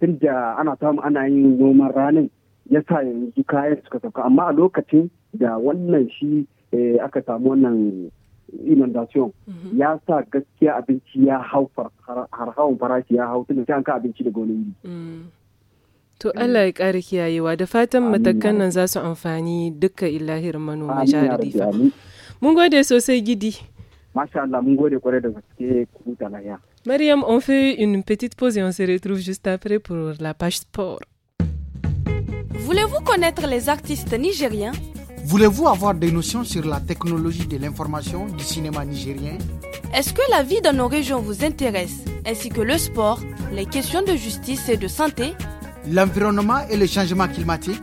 tun da ana samu ana yin noman ranin ya sa yanzu kayan suka sauka amma a lokacin da wannan shi eh, aka samu wannan inundation mhm. ya sa gaskiya abinci ya hau harhawan farashi ya hau tunda sai an ka abinci da gonin yi. Mm. To Allah ya ƙara kiyayewa da fatan matakan nan za su amfani duka ilahirin manoma jihar Mun gode sosai gidi. Mariam, on fait une petite pause et on se retrouve juste après pour la page sport. Voulez-vous connaître les artistes nigériens Voulez-vous avoir des notions sur la technologie de l'information du cinéma nigérien Est-ce que la vie dans nos régions vous intéresse, ainsi que le sport, les questions de justice et de santé L'environnement et le changement climatique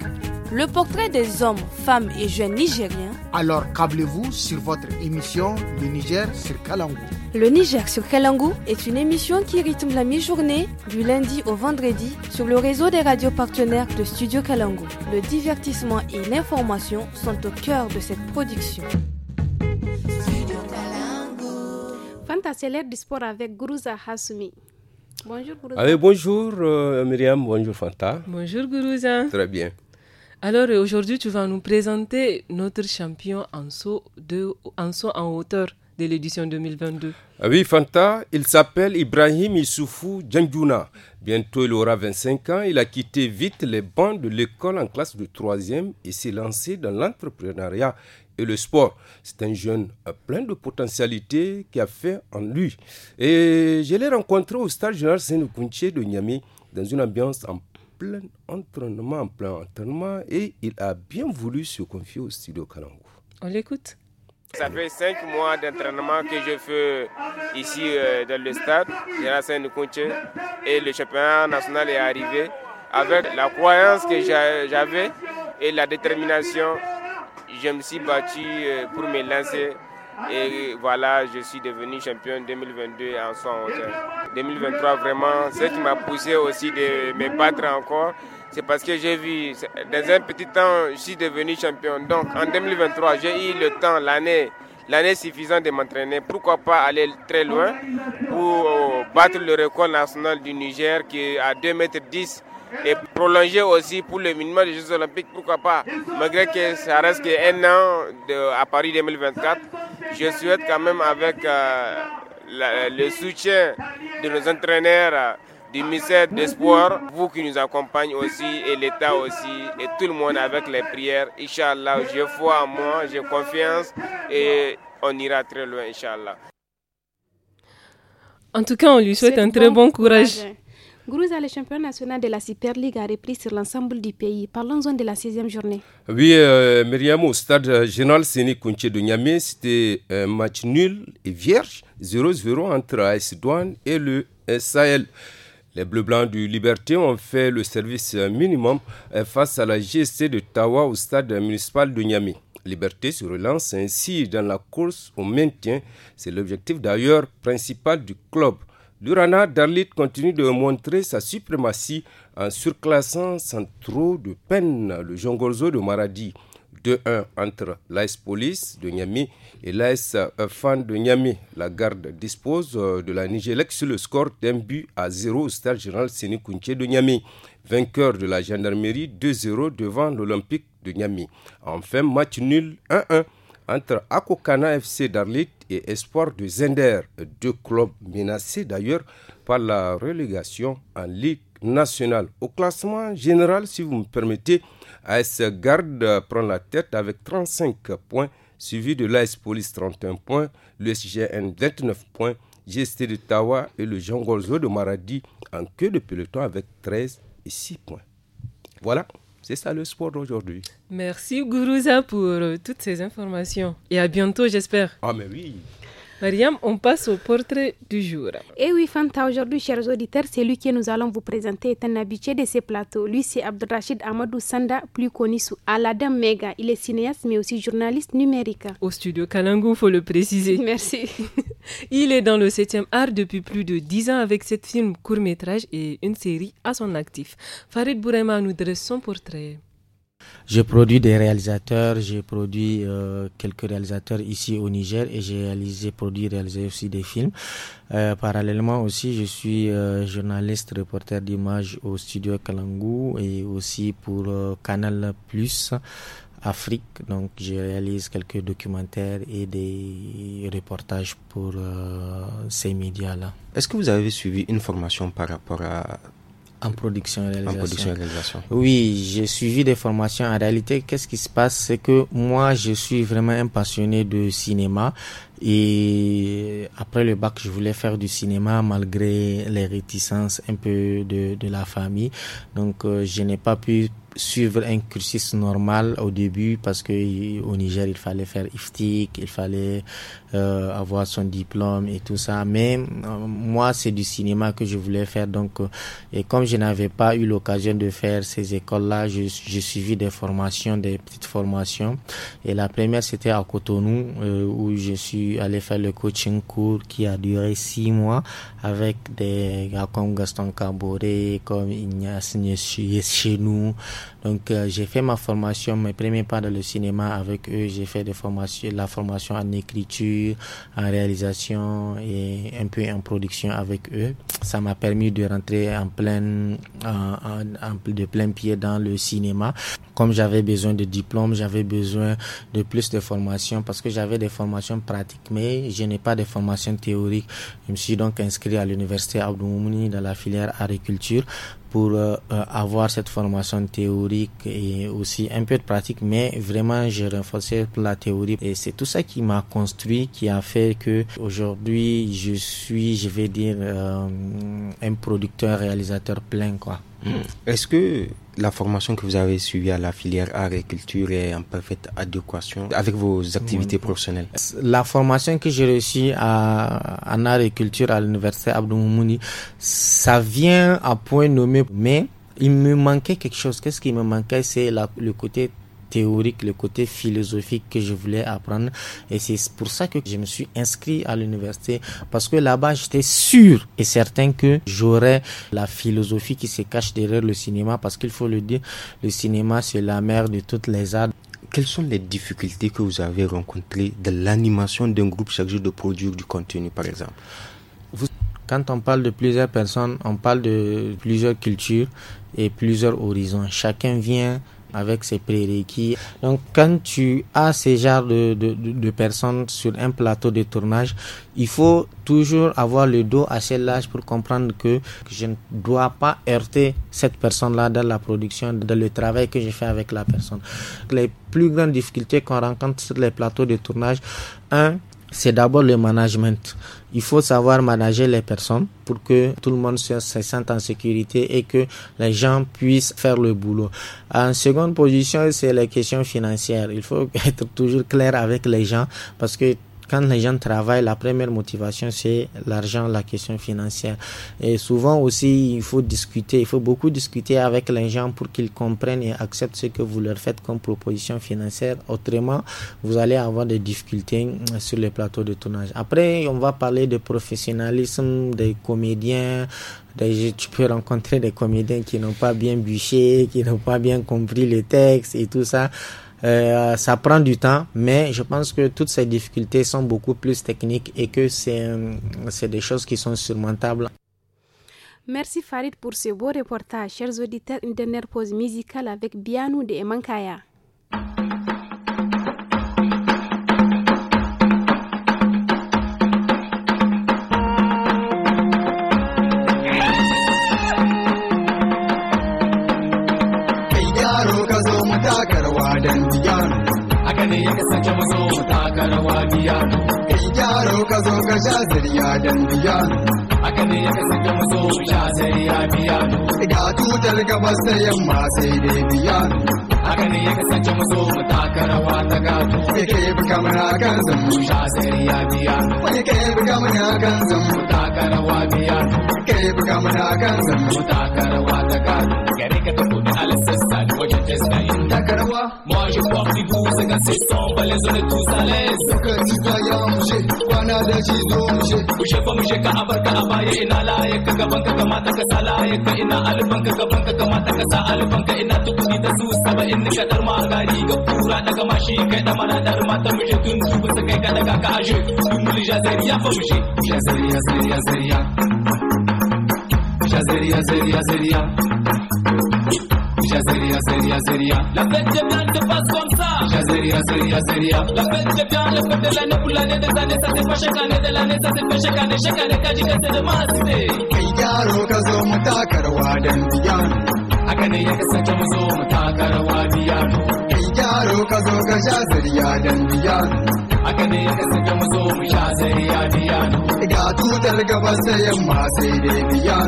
le portrait des hommes, femmes et jeunes nigériens. Alors câblez-vous sur votre émission Le Niger sur Kalangu Le Niger sur Kalangu est une émission qui rythme la mi-journée du lundi au vendredi sur le réseau des radios partenaires de Studio Kalangu Le divertissement et l'information sont au cœur de cette production. Fanta, du sport avec Guruza Hasumi Bonjour Guruza. Allez, bonjour euh, Myriam, bonjour Fanta. Bonjour Guruza. Très bien. Alors euh, aujourd'hui, tu vas nous présenter notre champion en saut, de, en, en hauteur de l'édition 2022. Ah oui, Fanta, il s'appelle Ibrahim Issoufou Djandjouna. Bientôt, il aura 25 ans. Il a quitté vite les bancs de l'école en classe de 3e et s'est lancé dans l'entrepreneuriat et le sport. C'est un jeune euh, plein de potentialités qui a fait en lui. Et je l'ai rencontré au stade général saint de Niamey dans une ambiance en plein entraînement, plein entraînement, et il a bien voulu se confier au studio Kalangou. On l'écoute. Ça fait cinq mois d'entraînement que je fais ici euh, dans le stade de saint et le championnat national est arrivé. Avec la croyance que j'avais et la détermination, je me suis battu euh, pour me lancer et voilà, je suis devenu champion 2022 en son 2023, vraiment, ce qui m'a poussé aussi de me battre encore, c'est parce que j'ai vu, dans un petit temps, je suis devenu champion. Donc, en 2023, j'ai eu le temps, l'année, l'année suffisante de m'entraîner. Pourquoi pas aller très loin pour euh, battre le record national du Niger qui est à 2,10 m et prolonger aussi pour le minimum des Jeux Olympiques, pourquoi pas, malgré que ça reste un an à Paris 2024, je souhaite quand même avec euh, le soutien de nos entraîneurs, euh, du ministère d'Espoir, vous qui nous accompagnez aussi et l'État aussi et tout le monde avec les prières. Inch'Allah, j'ai foi en moi, j'ai confiance et on ira très loin, Inch'Allah. En tout cas, on lui souhaite un très bon courage. Gourouza, le champion national de la Super League a repris sur l'ensemble du pays. Parlons-en de la sixième journée. Oui, euh, Myriam, au stade euh, général Séné Kounché de Niamey, c'était un match nul et vierge, 0-0 entre AS Douane et le S.A.L. Les Bleus-Blancs du Liberté ont fait le service minimum euh, face à la GSC de Tawa au stade municipal de Niamey. Liberté se relance ainsi dans la course au maintien. C'est l'objectif d'ailleurs principal du club. L'Urana d'Arlit continue de montrer sa suprématie en surclassant sans trop de peine le Jongorzo de Maradi. 2-1 entre l'AS Police de Niamey et l'AS Fan de Niamey. La garde dispose euh, de la Nigélex sur le score d'un but à 0 au stade général Séné de Niamey. Vainqueur de la gendarmerie 2-0 devant l'Olympique de Niamey. Enfin, match nul 1-1 entre Akokana FC d'Arlit et Espoir de Zender, deux clubs menacés d'ailleurs par la relégation en Ligue nationale. Au classement général, si vous me permettez, AS Garde prend la tête avec 35 points, suivi de l'AS Police 31 points, le SGN 29 points, GST de Tawa et le Jean Golzo de Maradi en queue de peloton avec 13 et 6 points. Voilà. C'est ça le sport d'aujourd'hui. Merci Guruza pour euh, toutes ces informations. Et à bientôt, j'espère. Ah, mais oui. Mariam, on passe au portrait du jour. Eh oui, Fanta, aujourd'hui, chers auditeurs, c'est lui que nous allons vous présenter est un habitué de ces plateaux. Lui, c'est Abdelrachid Amadou Sanda, plus connu sous Aladdin Mega. Il est cinéaste, mais aussi journaliste numérique. Au studio Kalangou, faut le préciser. Merci. Il est dans le 7e art depuis plus de 10 ans avec sept films court-métrages et une série à son actif. Farid Bourema nous dresse son portrait. J'ai produit des réalisateurs, j'ai produit euh, quelques réalisateurs ici au Niger et j'ai réalisé, produit, réalisé aussi des films. Euh, parallèlement aussi, je suis euh, journaliste, reporter d'image au studio Kalangu et aussi pour Canal Plus. Afrique. Donc, je réalise quelques documentaires et des reportages pour ces médias-là. Est-ce que vous avez suivi une formation par rapport à en production et réalisation. En réalisation. Oui, j'ai suivi des formations. En réalité, qu'est-ce qui se passe C'est que moi, je suis vraiment un passionné de cinéma. Et après le bac, je voulais faire du cinéma malgré les réticences un peu de, de la famille. Donc, euh, je n'ai pas pu suivre un cursus normal au début parce que au Niger il fallait faire iftik il fallait euh, avoir son diplôme et tout ça. Mais euh, moi c'est du cinéma que je voulais faire donc euh, et comme je n'avais pas eu l'occasion de faire ces écoles-là, je, suivi des formations, des petites formations. Et la première c'était à Cotonou euh, où je suis allé faire le coaching court qui a duré six mois avec des gars comme Gaston Caboret, comme Ignace chez nous donc euh, j'ai fait ma formation, mes premiers pas dans le cinéma avec eux. J'ai fait des formations, la formation en écriture, en réalisation et un peu en production avec eux. Ça m'a permis de rentrer en plein, en, de plein pied dans le cinéma. Comme j'avais besoin de diplômes, j'avais besoin de plus de formations parce que j'avais des formations pratiques, mais je n'ai pas de formations théoriques. Je me suis donc inscrit à l'université Abdou dans la filière agriculture pour euh, avoir cette formation théorique et aussi un peu de pratique, mais vraiment j'ai renforcé la théorie et c'est tout ça qui m'a construit, qui a fait que aujourd'hui je suis, je vais dire, euh, un producteur réalisateur plein quoi. Mm. Est-ce que la formation que vous avez suivie à la filière art et culture est en parfaite adéquation avec vos activités professionnelles La formation que j'ai reçue à, en art et culture à l'université Abdou Moumouni, ça vient à point nommé, mais il me manquait quelque chose. Qu'est-ce qui me manquait C'est le côté théorique, le côté philosophique que je voulais apprendre. Et c'est pour ça que je me suis inscrit à l'université parce que là-bas, j'étais sûr et certain que j'aurais la philosophie qui se cache derrière le cinéma parce qu'il faut le dire, le cinéma, c'est la mère de toutes les arts. Quelles sont les difficultés que vous avez rencontrées de l'animation d'un groupe chaque jour de produire du contenu, par exemple vous... Quand on parle de plusieurs personnes, on parle de plusieurs cultures et plusieurs horizons. Chacun vient avec ses prérequis. Donc quand tu as ces genres de, de, de, personnes sur un plateau de tournage, il faut toujours avoir le dos assez large pour comprendre que je ne dois pas heurter cette personne-là dans la production, dans le travail que je fais avec la personne. Les plus grandes difficultés qu'on rencontre sur les plateaux de tournage, un, c'est d'abord le management. Il faut savoir manager les personnes pour que tout le monde se, sente en sécurité et que les gens puissent faire le boulot. En seconde position, c'est les questions financières. Il faut être toujours clair avec les gens parce que quand les gens travaillent, la première motivation, c'est l'argent, la question financière. Et souvent aussi, il faut discuter, il faut beaucoup discuter avec les gens pour qu'ils comprennent et acceptent ce que vous leur faites comme proposition financière. Autrement, vous allez avoir des difficultés euh, sur les plateaux de tournage. Après, on va parler de professionnalisme, des comédiens, tu peux rencontrer des comédiens qui n'ont pas bien bûché, qui n'ont pas bien compris les textes et tout ça. Euh, ça prend du temps, mais je pense que toutes ces difficultés sont beaucoup plus techniques et que c'est euh, des choses qui sont surmontables. Merci Farid pour ce beau reportage. Chers auditeurs, une dernière pause musicale avec Bianou de Emankaya. ne ya kasance maso mu taka rawa biya in gyaro ka zo ka sha zariya dan biya haka ne ya kasance maso mu sha zariya biya ga tutar gabas da yamma sai dai biya haka ne ya kasance maso mu taka rawa ta gato ya kai bi kamar kan zan mu sha zariya biya wani kai bi kamar kan zan mu taka rawa biya kai bi kamar kan zan mu taka rawa ta gato gare ka tafi kudu Kanawa. Moi je porte des goûts, c'est qu'à 600, pas les on est tous à l'aise. Donc tu vas manger, bana da shi zo mushe. Mushe fa mushe ka abar ka abaya ina laye ka gaban ka kamata ka sa laye ka ina alban ka gaban ka kamata ka sa alban ka ina tukuni da su saba in ka dar ma gari ga kura daga mashi kai da mana dar mata mushe tun su ba kai ka daga ka ashe. Tun muli jazariya fa mushe. Jazariya zariya zariya. Jazariya zariya zariya. Jazeria, seria, Zeria. La fête des blancs se passe comme ça. Jazeria, Zeria, Zeria. La fête des blancs, la fête de l'année pour l'année des années. Ça se fait chaque année de l'année, ça se fait chaque année. Chaque année, quand j'y reste de masse. Kai yaro ka zo mu taka rawa dan biya. Haka ne ya kasance mu zo mu taka rawa biya. Kai yaro ka zo ka sha zariya dan biya. Haka ne ya kasance mu zo mu sha zariya biya. Ga tutar gaba sai yamma sai dai biya.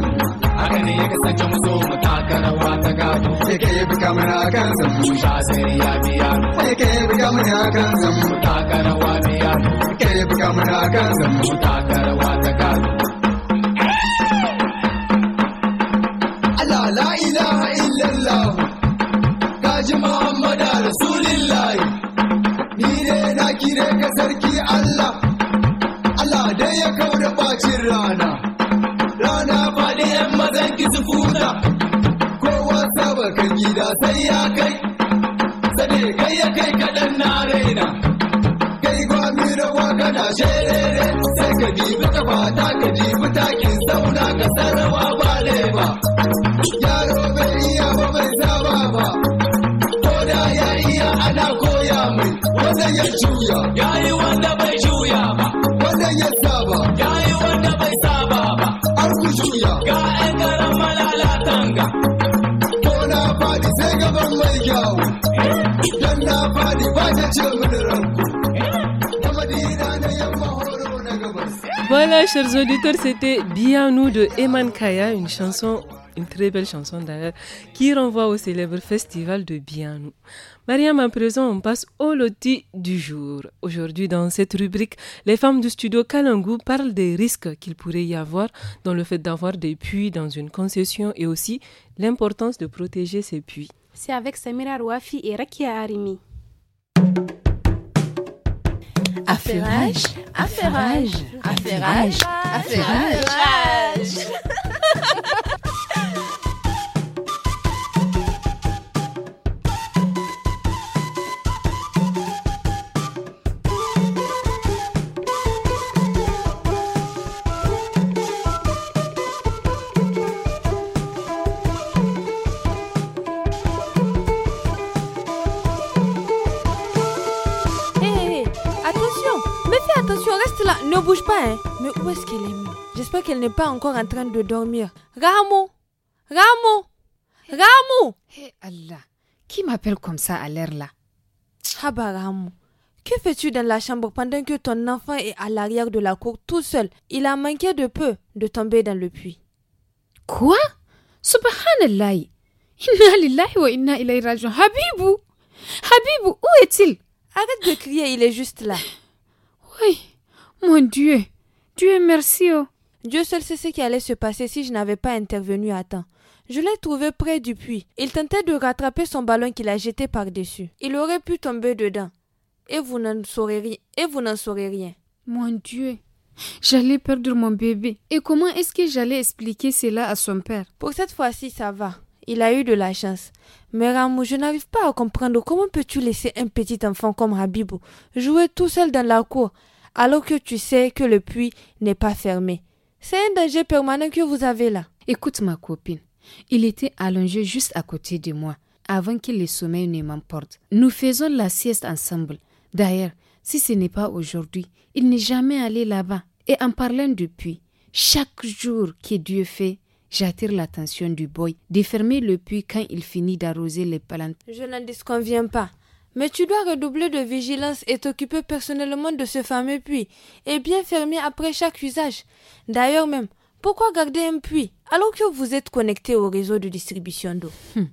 haka ne ya kasance mu so mu taka rawa ta gado sai ke bi kamar kan zan mu sha sai ya biya sai ke bi kamar kan zan mu taka rawa biya sai ke bi kamar kan zan mu taka rawa ta gado Allah la ilaha illallah kaji Muhammad Rasulullah ni ne na kire ka sarki Allah Allah dai ya kaura bacin rai sukuna kowa sabakan gida sai ya kai sane kai ya kai kaɗan na raina kai gwami rawa kana sherere sai ka dibi kafa ta ka dibi takin zauna ka sarrafa ba lema yaro bai iya ba bai saba ba ko da ya iya ana koya mai wanda ya juya ya yi wanda bai juya ba wanda ya saba ya yi wanda bai saba Voilà, chers auditeurs, c'était Bien nous de Eman Kaya, une chanson une très belle chanson d'ailleurs, qui renvoie au célèbre festival de Bianou. Mariam, à présent, on passe au loti du jour. Aujourd'hui, dans cette rubrique, les femmes du studio Kalangu parlent des risques qu'il pourrait y avoir dans le fait d'avoir des puits dans une concession et aussi l'importance de protéger ces puits. C'est avec Samira Rouafi et Rakia Arimi. Hein. Mais où est-ce qu'elle est, mise J'espère qu'elle n'est pas encore en train de dormir. Ramo Ramo Ramo Hé Allah Qui m'appelle comme ça à l'air là Ah Que fais-tu dans la chambre pendant que ton enfant est à l'arrière de la cour tout seul Il a manqué de peu de tomber dans le puits. Quoi Subhanallah Inna lillahi wa inna ilayhi raji'un. Habibou Habibou, où est-il Arrête de crier, il est juste là. Oui. Mon Dieu Dieu merci oh. Dieu seul sait ce qui allait se passer si je n'avais pas intervenu à temps. Je l'ai trouvé près du puits. Il tentait de rattraper son ballon qu'il a jeté par-dessus. Il aurait pu tomber dedans. Et vous n'en saurez rien. Et vous n'en saurez rien. Mon Dieu. J'allais perdre mon bébé. Et comment est-ce que j'allais expliquer cela à son père Pour cette fois-ci, ça va. Il a eu de la chance. Mais Ramou, je n'arrive pas à comprendre comment peux-tu laisser un petit enfant comme Habibou jouer tout seul dans la cour alors que tu sais que le puits n'est pas fermé. C'est un danger permanent que vous avez là. Écoute ma copine, il était allongé juste à côté de moi avant que le sommeil ne m'emporte. Nous faisons la sieste ensemble. D'ailleurs, si ce n'est pas aujourd'hui, il n'est jamais allé là-bas. Et en parlant du puits, chaque jour que Dieu fait, J'attire l'attention du boy de fermer le puits quand il finit d'arroser les plantes. Je n'en disconviens pas. Mais tu dois redoubler de vigilance et t'occuper personnellement de ce fameux puits, et bien fermer après chaque usage. D'ailleurs même, pourquoi garder un puits alors que vous êtes connecté au réseau de distribution d'eau hmm.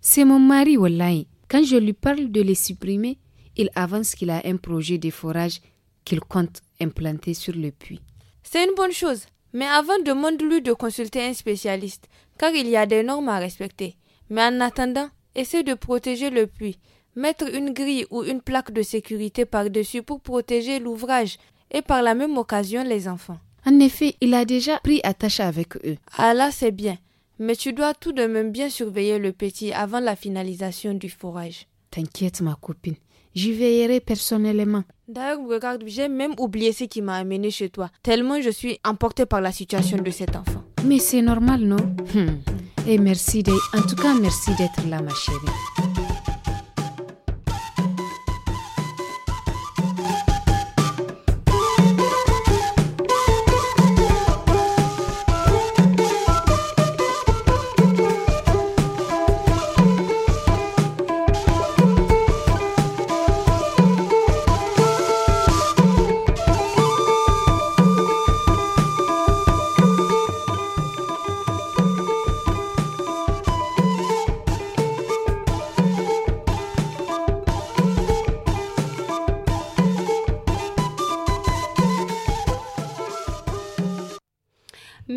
C'est mon mari, Wallahi. Quand je lui parle de les supprimer, il avance qu'il a un projet de forage qu'il compte implanter sur le puits. C'est une bonne chose, mais avant demande-lui de consulter un spécialiste, car il y a des normes à respecter. Mais en attendant, essaie de protéger le puits mettre une grille ou une plaque de sécurité par-dessus pour protéger l'ouvrage et par la même occasion les enfants. En effet, il a déjà pris attache avec eux. Ah là, c'est bien. Mais tu dois tout de même bien surveiller le petit avant la finalisation du forage. T'inquiète, ma copine. J'y veillerai personnellement. D'ailleurs, regarde, j'ai même oublié ce qui m'a amené chez toi, tellement je suis emportée par la situation de cet enfant. Mais c'est normal, non Hum, Et eh, merci En tout cas, merci d'être là, ma chérie.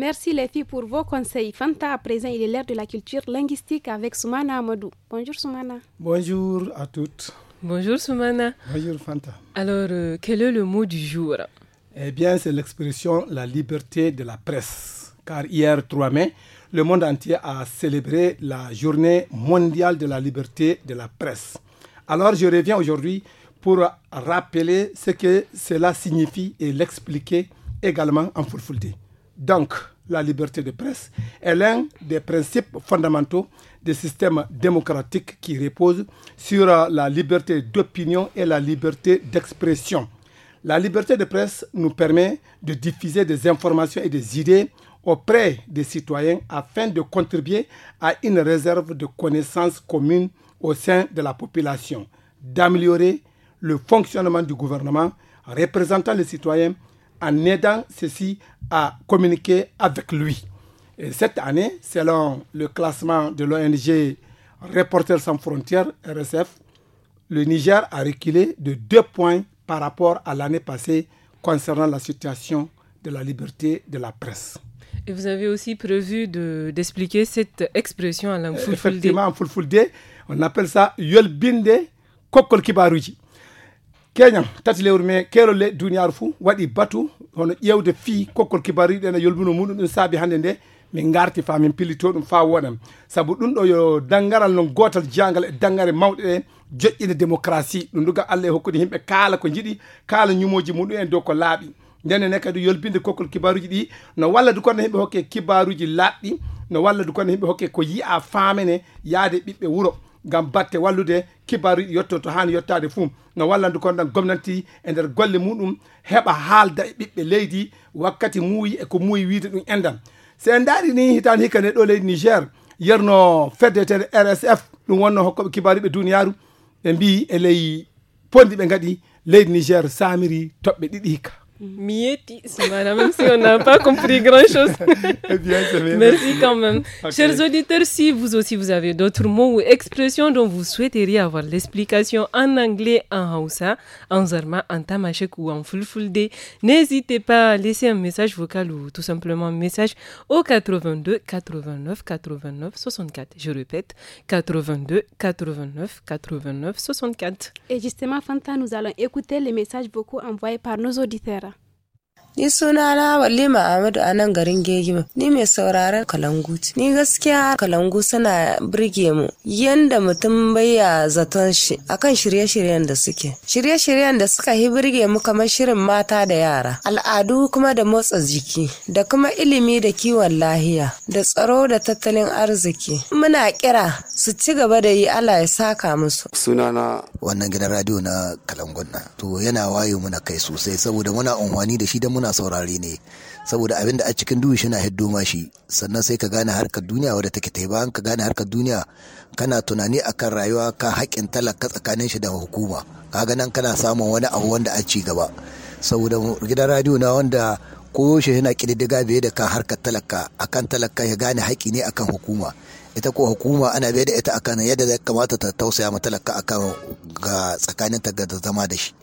Merci les filles pour vos conseils. Fanta, à présent, il est l'heure de la culture linguistique avec Soumana Amadou. Bonjour Soumana. Bonjour à toutes. Bonjour Soumana. Bonjour Fanta. Alors, euh, quel est le mot du jour Eh bien, c'est l'expression la liberté de la presse. Car hier 3 mai, le monde entier a célébré la journée mondiale de la liberté de la presse. Alors, je reviens aujourd'hui pour rappeler ce que cela signifie et l'expliquer également en fulfulde. Donc, la liberté de presse est l'un des principes fondamentaux des systèmes démocratiques qui reposent sur euh, la liberté d'opinion et la liberté d'expression. La liberté de presse nous permet de diffuser des informations et des idées auprès des citoyens afin de contribuer à une réserve de connaissances communes au sein de la population, d'améliorer le fonctionnement du gouvernement représentant les citoyens en aidant ceci ci à communiquer avec lui. Et cette année, selon le classement de l'ONG Reporters sans frontières, RSF, le Niger a reculé de deux points par rapport à l'année passée concernant la situation de la liberté de la presse. Et vous avez aussi prévu d'expliquer cette expression en langue euh, Effectivement, en fulfulde, on appelle ça Yolbinde Kokolkibaruji. keña tati lewru me le duniyaaru fuu waɗi batu hono ƴeewde fii kokkol kibariɗo ene yolbuno muɗum ɗum saabi hannde nde min garti fa min pillito ɗum fa woɗan saabu ɗum ɗo yo dangaral non gotal jangal e dangare mawɗe ɗe joƴƴinde démocratie ɗum duga allah e hokkude yimɓe kaala ko jiɗi kaala ñumoji muɗum en dow ko laaɓi ndenen kadi yolbinde kokkol kibaruji ɗi no walla du kono himɓe hokke kibaruji laaɓɗi no walla du kono himɓe hokke ko yi'a faamene yaade ɓiɓɓe wuro ngam batte wallude kibaru yettoto hani yettade fuu no wallandu kon ɗan gomnati e nder golle muɗum heɓa haalda e ɓiɓɓe leydi wakkati muuyi eko muuyi wiide ɗum endan so en daari ni hitani hikka ne ɗo leydi niger yerno feddetede rsf ɗum wonno hokkoɓe kibaru duniyaru ɓe mbi e ley pondi ɓe gaɗi leydi niger samiri toɓɓe ɗiɗi hikka Mhm. Mieti, c'est même si on n'a pas compris grand-chose. E Merci quand même. Chers auditeurs, si vous aussi vous avez d'autres mots ou expressions dont vous souhaiteriez avoir l'explication en anglais, en Hausa, en Zarma, en tamachek ou en Fulfulde, n'hésitez pas à laisser un message vocal ou tout simplement un message au 82 89 89 64. Je répète, 82 89 89 64. Et justement, Fanta, nous allons écouter les messages beaucoup envoyés par nos auditeurs. Ni suna na Walima Ahmadu a nan garin Gegime. Ni mai sauraron kalangu ce. Ni gaskiya kalangu suna birge mu yanda mutum baya zaton shi akan shirye-shiryen da suke. Shirye-shiryen da suka yi birge mu kamar shirin mata da yara, al'adu kuma da motsa jiki, da kuma ilimi da kiwon lahiya, da tsaro da tattalin arziki. Muna kira su ci gaba da yi Allah ya saka musu. na wannan gidan radio na kalangun to yana wayo muna kai sosai saboda muna unwani da shi da muna muna saurare ne saboda abin da a cikin duhu shi na hiddo shi sannan sai ka gane harkar duniya wadda take ta bayan ka gane harkar duniya kana tunani akan rayuwa ka haƙin talaka tsakanin shi da hukuma kaga nan kana samun wani abu wanda a ci gaba saboda gidan radio na wanda koyaushe yana kididdiga biye da kan harkar talaka akan talaka ya gane haƙi ne akan hukuma ita ko hukuma ana biye da ita akan yadda zai kamata ta tausaya ma talaka akan ga tsakanin ta ga zama da shi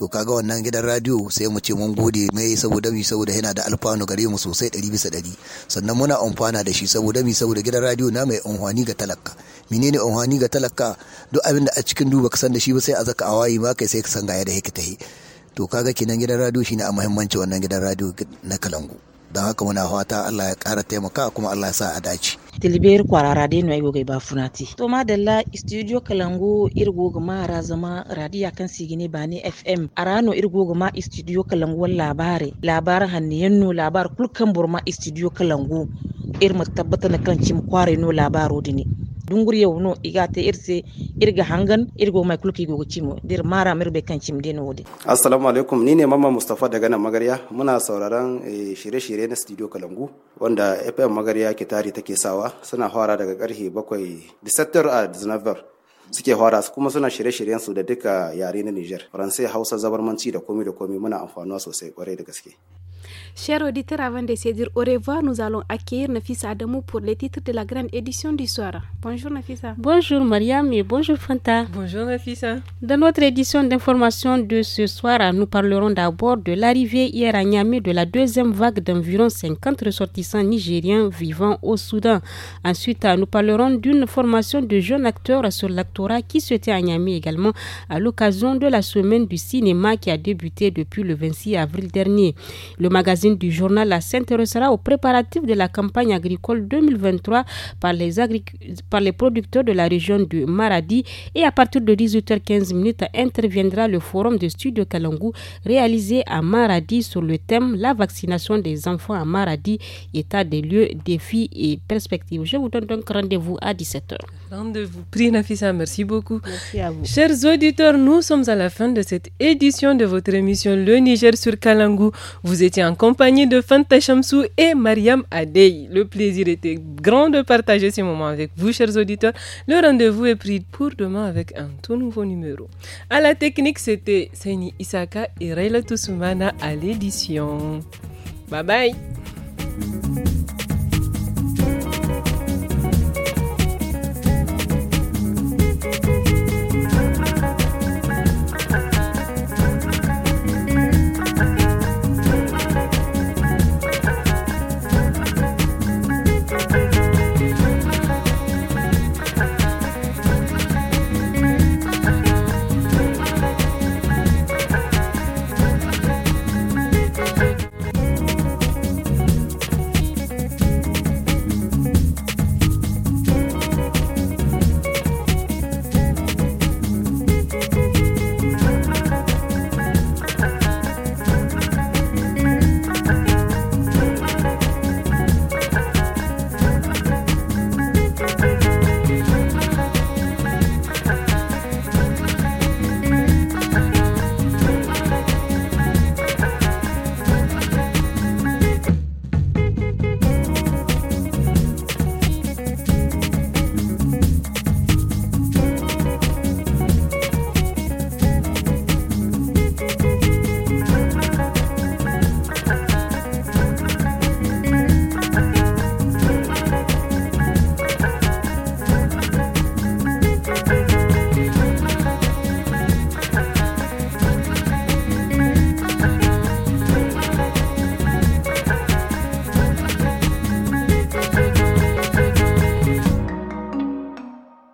to kaga wannan gidan radio sai mu ce mun gode mai saboda mi saboda yana da alfanu gare mu sosai ɗari bisa ɗari sannan muna amfana da shi saboda mi saboda gidan radio na mai amfani ga talaka ne amfani ga talaka duk abin da a cikin duba ka san da shi ba sai a zaka awayi ma kai sai ka san ga yadda yake tahi to kaga kinan gidan radio shine a muhimmanci wannan gidan radio na kalangu don haka muna fata Allah ya ƙara taimaka kuma Allah ya sa a dace. tilbiyar kwarara dai no ayoga ba funati to madalla studio kalangu irgo gama razama radiya kan sigine ne fm arano irgo ma studio kalangu labare labar hanniyanno labar kulkan burma studio kalangu irma tabbata na kan cim kware no labaro dini dungur yew no igate irse irga hangan irgo mai kulki go cimo dir mara mirbe kan cim de no de assalamu alaikum ni ne mama mustafa daga nan magarya muna sauraron eh, shirye-shirye na studio kalangu wanda fm magarya ke tari take sawa suna fara daga karfe 7 disattar a dinavar suke hora su kuma suna shirye-shiryen su da duka yare na Niger. Faransai, Hausa, Zabarmanci da komi da komi muna amfanuwa sosai kwarai da gaske. Chers auditeurs, avant de se dire au revoir, nous allons accueillir Nafisa Adamou pour les titres de la grande édition du soir. Bonjour Nafisa. Bonjour Mariam et bonjour Fanta. Bonjour Nafisa. Dans notre édition d'information de ce soir, nous parlerons d'abord de l'arrivée hier à Niamey de la deuxième vague d'environ 50 ressortissants nigériens vivant au Soudan. Ensuite, nous parlerons d'une formation de jeunes acteurs sur l'actorat qui se tient à Niamey également à l'occasion de la semaine du cinéma qui a débuté depuis le 26 avril dernier. Le magazine du journal La s'intéressera aux préparatifs de la campagne agricole 2023 par les, par les producteurs de la région du Maradi et à partir de 18h15 interviendra le forum de Studio Kalangu réalisé à Maradi sur le thème La vaccination des enfants à Maradi, état des lieux, défis et perspectives. Je vous donne donc rendez-vous à 17h. Rendez-vous pris, Nafisa. Merci beaucoup. Merci à vous. Chers auditeurs, nous sommes à la fin de cette édition de votre émission Le Niger sur Kalangu. Vous étiez en compagnie de Fanta Chamsou et Mariam Adey. Le plaisir était grand de partager ces moments avec vous, chers auditeurs. Le rendez-vous est pris pour demain avec un tout nouveau numéro. À la technique, c'était Saini Isaka et Rayla Toussoumana à l'édition. Bye bye.